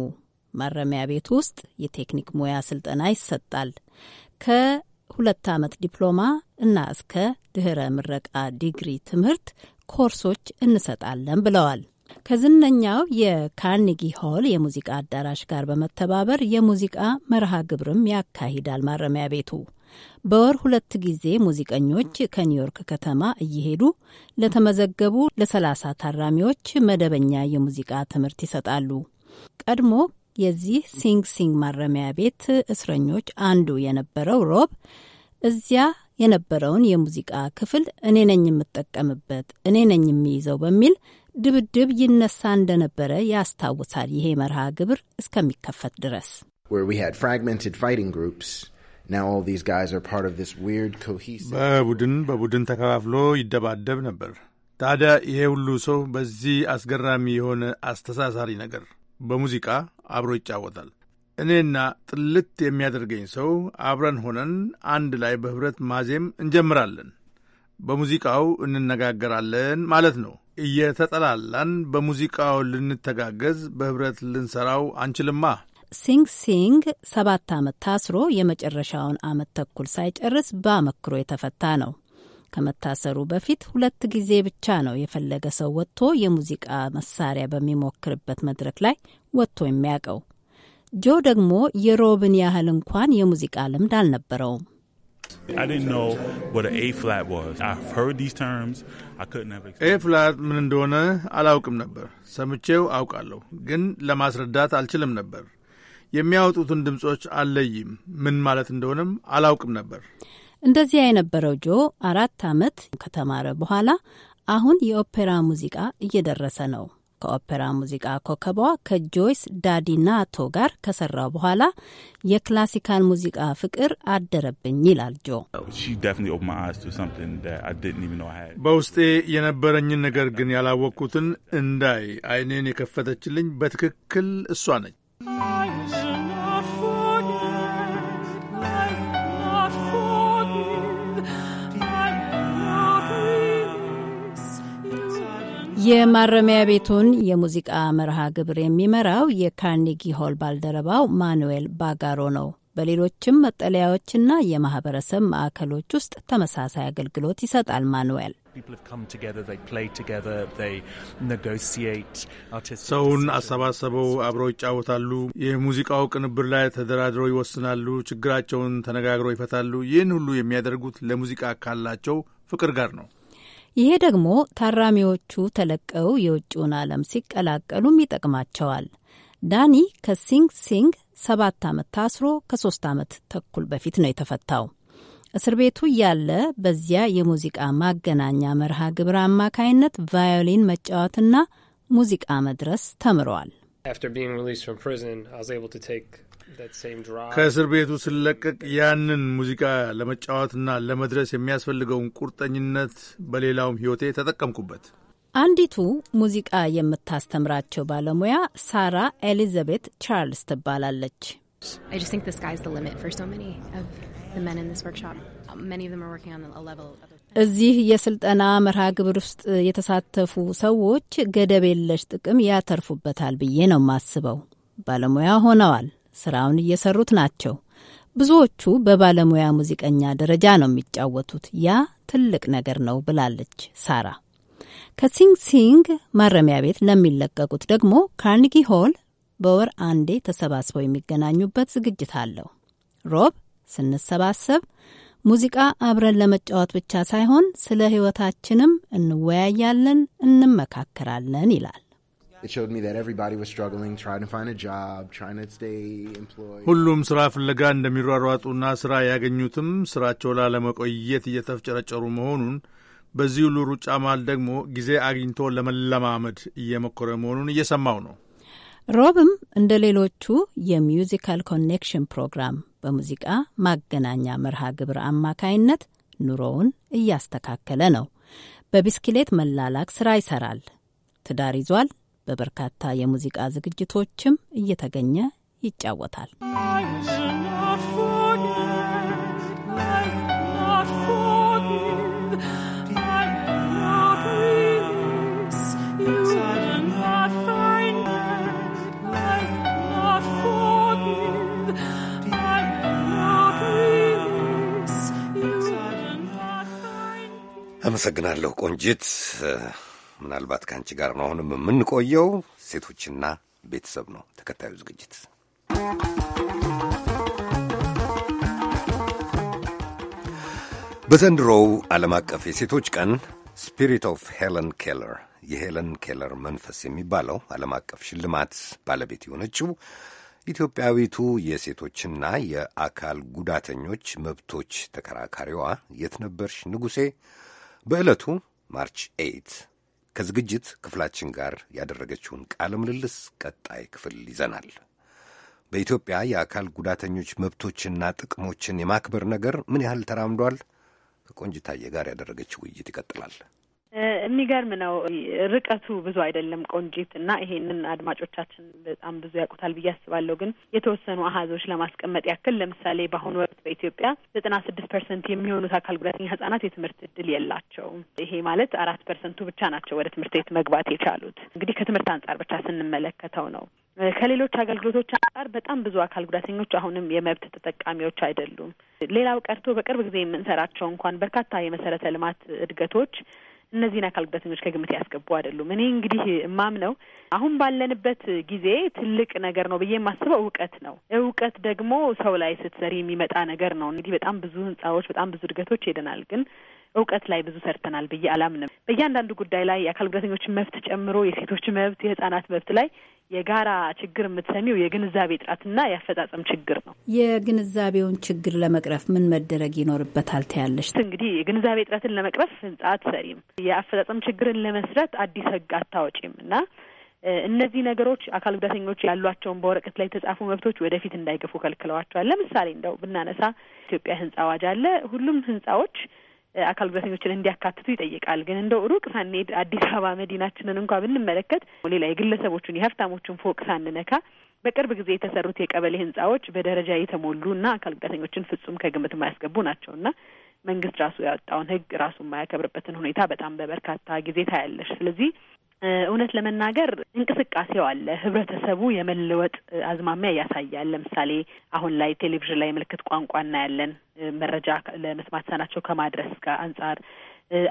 ማረሚያ ቤት ውስጥ የቴክኒክ ሙያ ስልጠና ይሰጣል። ከ ሁለት ዓመት ዲፕሎማ እና እስከ ድኅረ ምረቃ ዲግሪ ትምህርት ኮርሶች እንሰጣለን ብለዋል። ከዝነኛው የካርኒጊ ሆል የሙዚቃ አዳራሽ ጋር በመተባበር የሙዚቃ መርሃ ግብርም ያካሂዳል ማረሚያ ቤቱ። በወር ሁለት ጊዜ ሙዚቀኞች ከኒውዮርክ ከተማ እየሄዱ ለተመዘገቡ ለሰላሳ ታራሚዎች መደበኛ የሙዚቃ ትምህርት ይሰጣሉ። ቀድሞ የዚህ ሲንግ ሲንግ ማረሚያ ቤት እስረኞች አንዱ የነበረው ሮብ እዚያ የነበረውን የሙዚቃ ክፍል እኔ ነኝ የምጠቀምበት እኔ ነኝ የሚይዘው በሚል ድብድብ ይነሳ እንደነበረ ያስታውሳል። ይሄ መርሃ ግብር እስከሚከፈት ድረስ በቡድን በቡድን ተከፋፍሎ ይደባደብ ነበር። ታዲያ ይሄ ሁሉ ሰው በዚህ አስገራሚ የሆነ አስተሳሳሪ ነገር በሙዚቃ አብሮ ይጫወታል። እኔና ጥልት የሚያደርገኝ ሰው አብረን ሆነን አንድ ላይ በኅብረት ማዜም እንጀምራለን። በሙዚቃው እንነጋገራለን ማለት ነው። እየተጠላላን በሙዚቃው ልንተጋገዝ በኅብረት ልንሰራው አንችልማ። ሲንግ ሲንግ ሰባት ዓመት ታስሮ የመጨረሻውን ዓመት ተኩል ሳይጨርስ በአመክሮ የተፈታ ነው። ከመታሰሩ በፊት ሁለት ጊዜ ብቻ ነው የፈለገ ሰው ወጥቶ የሙዚቃ መሳሪያ በሚሞክርበት መድረክ ላይ ወጥቶ የሚያውቀው። ጆ ደግሞ የሮብን ያህል እንኳን የሙዚቃ ልምድ አልነበረውም። ኤ ምን እንደሆነ አላውቅም ነበር። ሰምቼው አውቃለሁ፣ ግን ለማስረዳት አልችልም ነበር። የሚያወጡትን ድምፆች አልለይም፣ ምን ማለት እንደሆነም አላውቅም ነበር። እንደዚያ የነበረው ጆ አራት ዓመት ከተማረ በኋላ አሁን የኦፔራ ሙዚቃ እየደረሰ ነው። ከኦፔራ ሙዚቃ ኮከቧ ከጆይስ ዳዲናቶ ጋር ከሰራው በኋላ የክላሲካል ሙዚቃ ፍቅር አደረብኝ ይላል ጆ። በውስጤ የነበረኝን ነገር ግን ያላወቅኩትን እንዳይ አይኔን የከፈተችልኝ በትክክል እሷ ነች። የማረሚያ ቤቱን የሙዚቃ መርሃ ግብር የሚመራው የካርኔጊ ሆል ባልደረባው ማኑዌል ባጋሮ ነው። በሌሎችም መጠለያዎችና የማህበረሰብ ማዕከሎች ውስጥ ተመሳሳይ አገልግሎት ይሰጣል። ማኑዌል። ሰውን አሰባሰበው፣ አብረው ይጫወታሉ፣ የሙዚቃው ቅንብር ላይ ተደራድረው ይወስናሉ፣ ችግራቸውን ተነጋግረው ይፈታሉ። ይህን ሁሉ የሚያደርጉት ለሙዚቃ ካላቸው ፍቅር ጋር ነው። ይሄ ደግሞ ታራሚዎቹ ተለቀው የውጭውን ዓለም ሲቀላቀሉም ይጠቅማቸዋል። ዳኒ ከሲንግ ሲንግ ሰባት ዓመት ታስሮ ከሶስት ዓመት ተኩል በፊት ነው የተፈታው። እስር ቤቱ እያለ በዚያ የሙዚቃ ማገናኛ መርሃ ግብር አማካይነት ቫዮሊን መጫወትና ሙዚቃ መድረስ ተምረዋል። After being released from prison, I was able to take ከእስር ቤቱ ስለቀቅ ያንን ሙዚቃ ለመጫወትና ለመድረስ የሚያስፈልገውን ቁርጠኝነት በሌላውም ሕይወቴ ተጠቀምኩበት። አንዲቱ ሙዚቃ የምታስተምራቸው ባለሙያ ሳራ ኤሊዛቤት ቻርልስ ትባላለች። እዚህ የስልጠና መርሃ ግብር ውስጥ የተሳተፉ ሰዎች ገደብ የለሽ ጥቅም ያተርፉበታል ብዬ ነው የማስበው። ባለሙያ ሆነዋል፣ ስራውን እየሰሩት ናቸው። ብዙዎቹ በባለሙያ ሙዚቀኛ ደረጃ ነው የሚጫወቱት። ያ ትልቅ ነገር ነው ብላለች ሳራ። ከሲንግ ሲንግ ማረሚያ ቤት ለሚለቀቁት ደግሞ ካርኒጊ ሆል በወር አንዴ ተሰባስበው የሚገናኙበት ዝግጅት አለው። ሮብ ስንሰባሰብ ሙዚቃ አብረን ለመጫወት ብቻ ሳይሆን ስለ ሕይወታችንም እንወያያለን፣ እንመካከራለን ይላል። showed me that everybody was struggling, trying to find a job, trying to stay employed. ሁሉም ስራ ፍለጋ እንደሚሯሯጡና ስራ ያገኙትም ስራቸው ላለመቆየት እየተፍጨረጨሩ መሆኑን በዚህ ሁሉ ሩጫ መሃል ደግሞ ጊዜ አግኝቶ ለመለማመድ እየሞከረ መሆኑን እየሰማው ነው። ሮብም እንደ ሌሎቹ የሚውዚካል ኮኔክሽን ፕሮግራም በሙዚቃ ማገናኛ መርሃ ግብር አማካይነት ኑሮውን እያስተካከለ ነው። በብስክሌት መላላክ ስራ ይሰራል። ትዳር ይዟል። በበርካታ የሙዚቃ ዝግጅቶችም እየተገኘ ይጫወታል። አመሰግናለሁ ቆንጂት። ምናልባት ከአንቺ ጋር ነው አሁንም የምንቆየው። ሴቶችና ቤተሰብ ነው ተከታዩ ዝግጅት። በዘንድሮው ዓለም አቀፍ የሴቶች ቀን ስፒሪት ኦፍ ሄለን ኬለር የሄለን ኬለር መንፈስ የሚባለው ዓለም አቀፍ ሽልማት ባለቤት የሆነችው ኢትዮጵያዊቱ የሴቶችና የአካል ጉዳተኞች መብቶች ተከራካሪዋ የትነበርሽ ንጉሴ በዕለቱ ማርች 8 ከዝግጅት ክፍላችን ጋር ያደረገችውን ቃለ ምልልስ ቀጣይ ክፍል ይዘናል። በኢትዮጵያ የአካል ጉዳተኞች መብቶችና ጥቅሞችን የማክበር ነገር ምን ያህል ተራምዷል? ከቆንጅታዬ ጋር ያደረገችው ውይይት ይቀጥላል። የሚገርም ነው። ርቀቱ ብዙ አይደለም ቆንጂት እና ይሄንን አድማጮቻችን በጣም ብዙ ያውቁታል ብዬ አስባለሁ። ግን የተወሰኑ አሀዞች ለማስቀመጥ ያክል ለምሳሌ በአሁኑ ወቅት በኢትዮጵያ ዘጠና ስድስት ፐርሰንት የሚሆኑት አካል ጉዳተኛ ህጻናት የትምህርት እድል የላቸውም። ይሄ ማለት አራት ፐርሰንቱ ብቻ ናቸው ወደ ትምህርት ቤት መግባት የቻሉት። እንግዲህ ከትምህርት አንጻር ብቻ ስንመለከተው ነው። ከሌሎች አገልግሎቶች አንጻር በጣም ብዙ አካል ጉዳተኞች አሁንም የመብት ተጠቃሚዎች አይደሉም። ሌላው ቀርቶ በቅርብ ጊዜ የምንሰራቸው እንኳን በርካታ የመሰረተ ልማት እድገቶች እነዚህን አካል ጉዳተኞች ከግምት ያስገቡ አይደሉም። እኔ እንግዲህ የማምነው አሁን ባለንበት ጊዜ ትልቅ ነገር ነው ብዬ የማስበው እውቀት ነው። እውቀት ደግሞ ሰው ላይ ስትዘሪ የሚመጣ ነገር ነው። እንግዲህ በጣም ብዙ ህንጻዎች፣ በጣም ብዙ እድገቶች ሄደናል ግን እውቀት ላይ ብዙ ሰርተናል ብዬ አላምንም። በእያንዳንዱ ጉዳይ ላይ የአካል ጉዳተኞችን መብት ጨምሮ የሴቶች መብት፣ የህጻናት መብት ላይ የጋራ ችግር የምትሰሚው የግንዛቤ ጥራትና የአፈጻጸም ችግር ነው። የግንዛቤውን ችግር ለመቅረፍ ምን መደረግ ይኖርበታል ትያለሽ? እንግዲህ የግንዛቤ ጥረትን ለመቅረፍ ህንጻ አትሰሪም፣ የአፈጻጸም ችግርን ለመስረት አዲስ ህግ አታወጪም እና እነዚህ ነገሮች አካል ጉዳተኞች ያሏቸውን በወረቀት ላይ የተጻፉ መብቶች ወደፊት እንዳይገፉ ከልክለዋቸዋል። ለምሳሌ እንደው ብናነሳ ኢትዮጵያ ህንጻ አዋጅ አለ። ሁሉም ህንጻዎች አካል ጉዳተኞችን እንዲያካትቱ ይጠይቃል። ግን እንደው ሩቅ ሳንሄድ አዲስ አበባ መዲናችንን እንኳ ብንመለከት ሌላ የግለሰቦቹን የሀብታሞቹን ፎቅ ሳንነካ በቅርብ ጊዜ የተሰሩት የቀበሌ ህንጻዎች በደረጃ የተሞሉ እና አካል ጉዳተኞችን ፍጹም ከግምት የማያስገቡ ናቸው እና መንግስት ራሱ ያወጣውን ህግ ራሱ የማያከብርበትን ሁኔታ በጣም በበርካታ ጊዜ ታያለሽ። ስለዚህ እውነት ለመናገር እንቅስቃሴው አለ። ህብረተሰቡ የመለወጥ አዝማሚያ ያሳያል። ለምሳሌ አሁን ላይ ቴሌቪዥን ላይ ምልክት ቋንቋ እናያለን። መረጃ ለመስማት ሳናቸው ከማድረስ ጋር አንጻር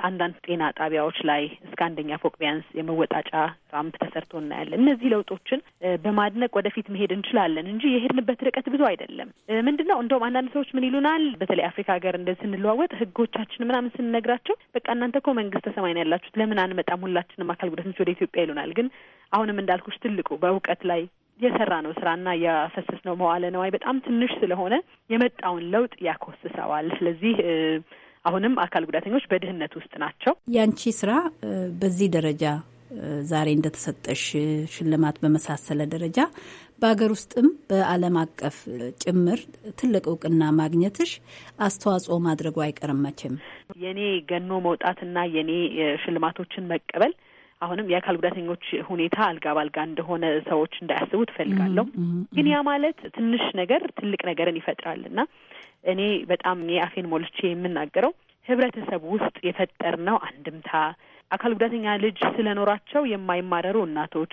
አንዳንድ ጤና ጣቢያዎች ላይ እስከ አንደኛ ፎቅ ቢያንስ የመወጣጫ ራምፕ ተሰርቶ እናያለን። እነዚህ ለውጦችን በማድነቅ ወደፊት መሄድ እንችላለን እንጂ የሄድንበት ርቀት ብዙ አይደለም። ምንድን ነው እንደውም አንዳንድ ሰዎች ምን ይሉናል፣ በተለይ አፍሪካ ሀገር እንደ ስንለዋወጥ ህጎቻችን ምናምን ስንነግራቸው በቃ እናንተ እኮ መንግስት ሰማይ ነው ያላችሁት ለምን አንመጣም ሁላችንም አካል ጉዳተኞች ወደ ኢትዮጵያ ይሉናል። ግን አሁንም እንዳልኩች ትልቁ በእውቀት ላይ የሰራ ነው ስራና ያፈሰስ ነው መዋለ ነዋይ በጣም ትንሽ ስለሆነ የመጣውን ለውጥ ያኮስሰዋል። ስለዚህ አሁንም አካል ጉዳተኞች በድህነት ውስጥ ናቸው። ያንቺ ስራ በዚህ ደረጃ ዛሬ እንደተሰጠሽ ሽልማት በመሳሰለ ደረጃ በሀገር ውስጥም በዓለም አቀፍ ጭምር ትልቅ እውቅና ማግኘትሽ አስተዋጽኦ ማድረጉ አይቀርም መቼም። የኔ ገኖ መውጣትና የኔ ሽልማቶችን መቀበል አሁንም የአካል ጉዳተኞች ሁኔታ አልጋ ባልጋ እንደሆነ ሰዎች እንዳያስቡ ትፈልጋለሁ። ግን ያ ማለት ትንሽ ነገር ትልቅ ነገርን ይፈጥራል እና እኔ በጣም የአፌን ሞልቼ የምናገረው ህብረተሰብ ውስጥ የፈጠርነው አንድምታ አካል ጉዳተኛ ልጅ ስለኖራቸው የማይማረሩ እናቶች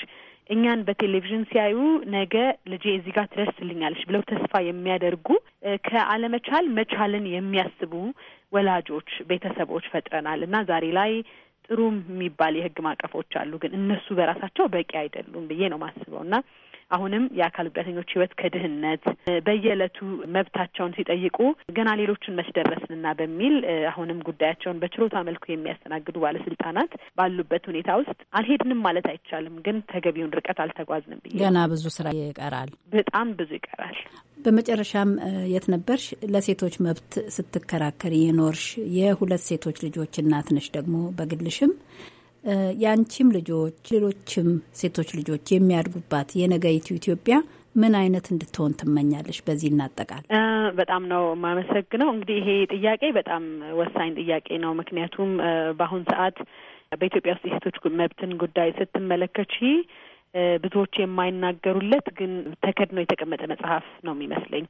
እኛን በቴሌቪዥን ሲያዩ ነገ ልጄ እዚህ ጋር ትደርስልኛለች ብለው ተስፋ የሚያደርጉ ከአለመቻል መቻልን የሚያስቡ ወላጆች፣ ቤተሰቦች ፈጥረናል እና ዛሬ ላይ ጥሩም የሚባል የህግ ማቀፎች አሉ፣ ግን እነሱ በራሳቸው በቂ አይደሉም ብዬ ነው ማስበው እና አሁንም የአካል ጉዳተኞች ህይወት ከድህነት በየዕለቱ መብታቸውን ሲጠይቁ ገና ሌሎችን መስደረስንና በሚል አሁንም ጉዳያቸውን በችሮታ መልኩ የሚያስተናግዱ ባለስልጣናት ባሉበት ሁኔታ ውስጥ አልሄድንም ማለት አይቻልም፣ ግን ተገቢውን ርቀት አልተጓዝንም ብዬ ገና ብዙ ስራ ይቀራል፣ በጣም ብዙ ይቀራል። በመጨረሻም የት ነበርሽ? ለሴቶች መብት ስትከራከር የኖርሽ የሁለት ሴቶች ልጆች እናት ነሽ ደግሞ በግልሽም የአንቺም ልጆች ሌሎችም ሴቶች ልጆች የሚያድጉባት የነገይቱ ኢትዮጵያ ምን አይነት እንድትሆን ትመኛለሽ? በዚህ እናጠቃል። በጣም ነው የማመሰግነው። እንግዲህ ይሄ ጥያቄ በጣም ወሳኝ ጥያቄ ነው። ምክንያቱም በአሁን ሰዓት በኢትዮጵያ ውስጥ የሴቶች መብትን ጉዳይ ስትመለከች ብዙዎች የማይናገሩለት ግን ተከድኖ የተቀመጠ መጽሐፍ ነው የሚመስለኝ።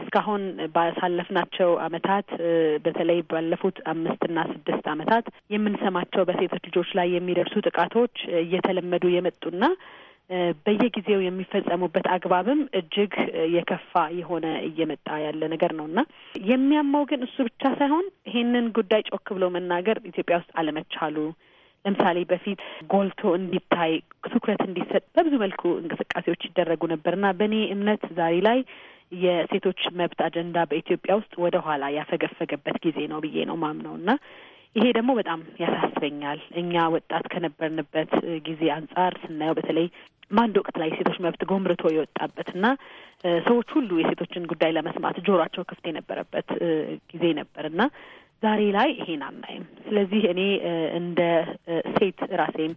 እስካሁን ባሳለፍናቸው አመታት በተለይ ባለፉት አምስትና ስድስት አመታት የምንሰማቸው በሴቶች ልጆች ላይ የሚደርሱ ጥቃቶች እየተለመዱ የመጡና በየጊዜው የሚፈጸሙበት አግባብም እጅግ የከፋ የሆነ እየመጣ ያለ ነገር ነው እና የሚያማው ግን እሱ ብቻ ሳይሆን ይሄንን ጉዳይ ጮክ ብሎ መናገር ኢትዮጵያ ውስጥ አለመቻሉ ለምሳሌ በፊት ጎልቶ እንዲታይ ትኩረት እንዲሰጥ በብዙ መልኩ እንቅስቃሴዎች ይደረጉ ነበር እና በእኔ እምነት ዛሬ ላይ የሴቶች መብት አጀንዳ በኢትዮጵያ ውስጥ ወደ ኋላ ያፈገፈገበት ጊዜ ነው ብዬ ነው ማምነው እና ይሄ ደግሞ በጣም ያሳስበኛል። እኛ ወጣት ከነበርንበት ጊዜ አንጻር ስናየው በተለይ በአንድ ወቅት ላይ የሴቶች መብት ጎምርቶ የወጣበትና ሰዎች ሁሉ የሴቶችን ጉዳይ ለመስማት ጆሯቸው ክፍት የነበረበት ጊዜ ነበር እና ዛሬ ላይ ይሄን አናይም። ስለዚህ እኔ እንደ ሴት ራሴም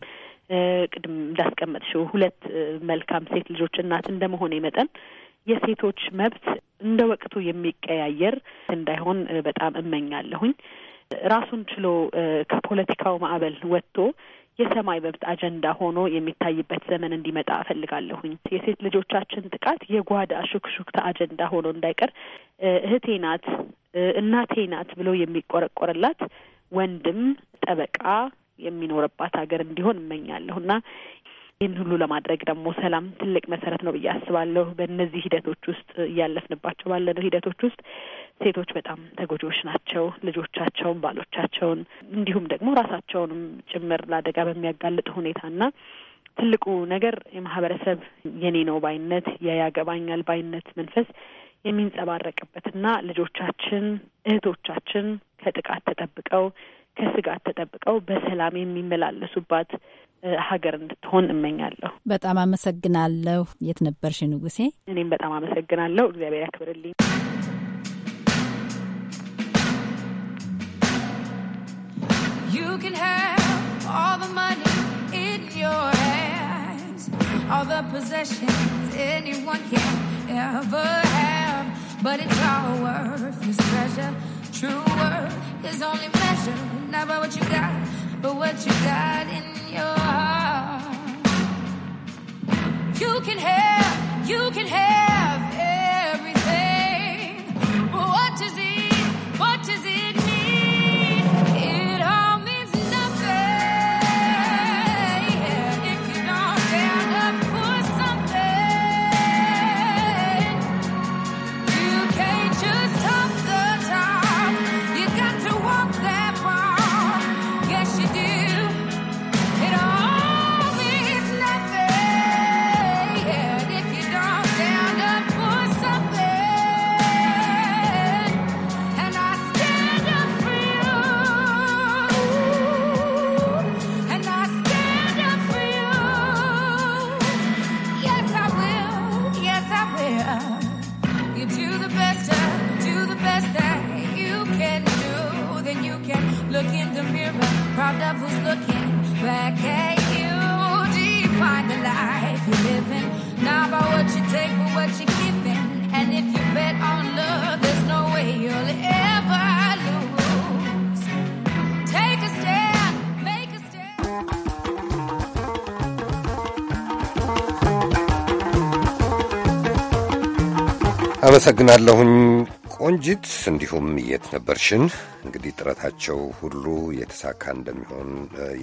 ቅድም እንዳስቀመጥሽው ሁለት መልካም ሴት ልጆች እናት እንደመሆኔ መጠን የሴቶች መብት እንደ ወቅቱ የሚቀያየር እንዳይሆን በጣም እመኛለሁኝ። ራሱን ችሎ ከፖለቲካው ማዕበል ወጥቶ የሰማይ መብት አጀንዳ ሆኖ የሚታይበት ዘመን እንዲመጣ እፈልጋለሁኝ። የሴት ልጆቻችን ጥቃት የጓዳ ሹክሹክታ አጀንዳ ሆኖ እንዳይቀር እህቴ ናት፣ እናቴ ናት ብሎ የሚቆረቆርላት ወንድም ጠበቃ የሚኖርባት ሀገር እንዲሆን እመኛለሁ እና ይህን ሁሉ ለማድረግ ደግሞ ሰላም ትልቅ መሰረት ነው ብዬ አስባለሁ። በእነዚህ ሂደቶች ውስጥ እያለፍንባቸው ባለነው ሂደቶች ውስጥ ሴቶች በጣም ተጎጂዎች ናቸው። ልጆቻቸውን፣ ባሎቻቸውን እንዲሁም ደግሞ ራሳቸውንም ጭምር ለአደጋ በሚያጋልጥ ሁኔታና ትልቁ ነገር የማህበረሰብ የኔ ነው ባይነት የያገባኛል ባይነት መንፈስ የሚንጸባረቅበትና ልጆቻችን እህቶቻችን ከጥቃት ተጠብቀው ከስጋት ተጠብቀው በሰላም የሚመላለሱባት ሀገር እንድትሆን እመኛለሁ። በጣም አመሰግናለሁ። የት ነበርሽ ንጉሴ? እኔም በጣም አመሰግናለሁ። እግዚአብሔር ያክብርልኝ። You can have all the money in your hands, all the possessions anyone can ever have, but it's all worth is treasure. True worth is only measure, not by what you got, but what you got in. can have, you can have. Love who's looking. back at you define the life you're living? Not what you take, but what you're giving. And if you bet on love, there's no way you'll ever lose. Take a stand, make a stand. አመሰግናለሁኝ ቆንጂት፣ እንዲሁም የት ነበርሽን። እንግዲህ ጥረታቸው ሁሉ የተሳካ እንደሚሆን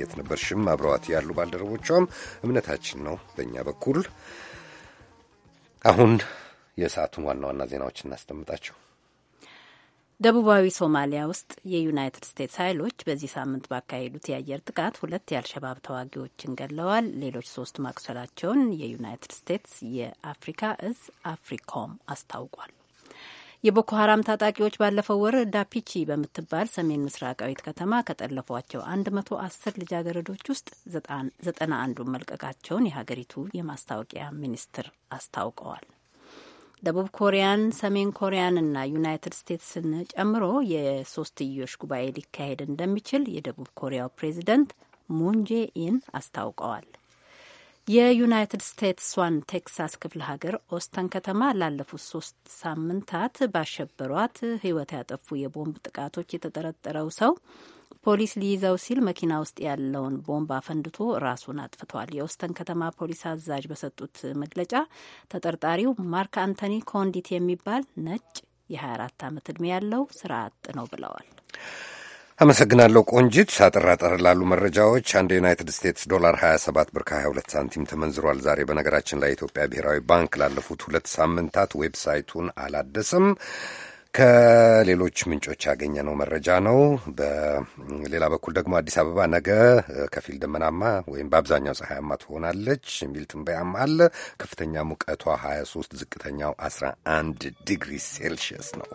የት ነበርሽም አብረዋት ያሉ ባልደረቦቿም እምነታችን ነው በእኛ በኩል። አሁን የሰዓቱን ዋና ዋና ዜናዎች እናስደምጣቸው። ደቡባዊ ሶማሊያ ውስጥ የዩናይትድ ስቴትስ ኃይሎች በዚህ ሳምንት ባካሄዱት የአየር ጥቃት ሁለት የአልሸባብ ተዋጊዎችን ገድለዋል። ሌሎች ሶስት ማቁሰላቸውን የዩናይትድ ስቴትስ የአፍሪካ እዝ አፍሪኮም አስታውቋል። የቦኮ ሀራም ታጣቂዎች ባለፈው ወር ዳፒቺ በምትባል ሰሜን ምስራቃዊት ከተማ ከጠለፏቸው 110 ልጃገረዶች ውስጥ 91 አንዱ መልቀቃቸውን የሀገሪቱ የማስታወቂያ ሚኒስትር አስታውቀዋል። ደቡብ ኮሪያን ሰሜን ኮሪያንና ዩናይትድ ስቴትስን ጨምሮ የሶስትዮሽ ጉባኤ ሊካሄድ እንደሚችል የደቡብ ኮሪያው ፕሬዚደንት ኢን አስታውቀዋል። የዩናይትድ ስቴትስዋን ቴክሳስ ክፍለ ሀገር ኦስተን ከተማ ላለፉት ሶስት ሳምንታት ባሸበሯት ሕይወት ያጠፉ የቦምብ ጥቃቶች የተጠረጠረው ሰው ፖሊስ ሊይዘው ሲል መኪና ውስጥ ያለውን ቦምብ አፈንድቶ ራሱን አጥፍቷል። የኦስተን ከተማ ፖሊስ አዛዥ በሰጡት መግለጫ ተጠርጣሪው ማርክ አንቶኒ ኮንዲት የሚባል ነጭ የ24 ዓመት ዕድሜ ያለው ስራ አጥ ነው ብለዋል። አመሰግናለሁ ቆንጂት። አጠራጠር ላሉ መረጃዎች አንድ የዩናይትድ ስቴትስ ዶላር 27 ብር ከ22 ሳንቲም ተመንዝሯል። ዛሬ በነገራችን ላይ የኢትዮጵያ ብሔራዊ ባንክ ላለፉት ሁለት ሳምንታት ዌብሳይቱን አላደሰም። ከሌሎች ምንጮች ያገኘነው መረጃ ነው። በሌላ በኩል ደግሞ አዲስ አበባ ነገ ከፊል ደመናማ ወይም በአብዛኛው ፀሐያማ ትሆናለች የሚል ትንበያም አለ። ከፍተኛ ሙቀቷ 23፣ ዝቅተኛው 11 ዲግሪ ሴልሺየስ ነው።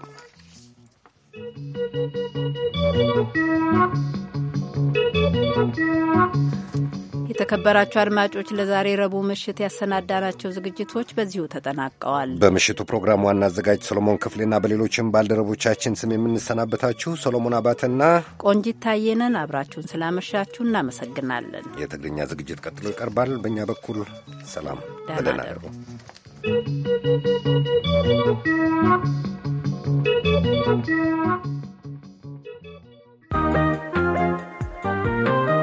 የተከበራቸው አድማጮች ለዛሬ ረቡዕ ምሽት ያሰናዳናቸው ዝግጅቶች በዚሁ ተጠናቀዋል። በምሽቱ ፕሮግራም ዋና አዘጋጅ ሰሎሞን ክፍሌና በሌሎችም ባልደረቦቻችን ስም የምንሰናበታችሁ ሰሎሞን አባተና ቆንጂት ታየነን አብራችሁን ስላመሻችሁ እናመሰግናለን። የትግርኛ ዝግጅት ቀጥሎ ይቀርባል። በእኛ በኩል ሰላም፣ በደህና እደሩ። Thank you.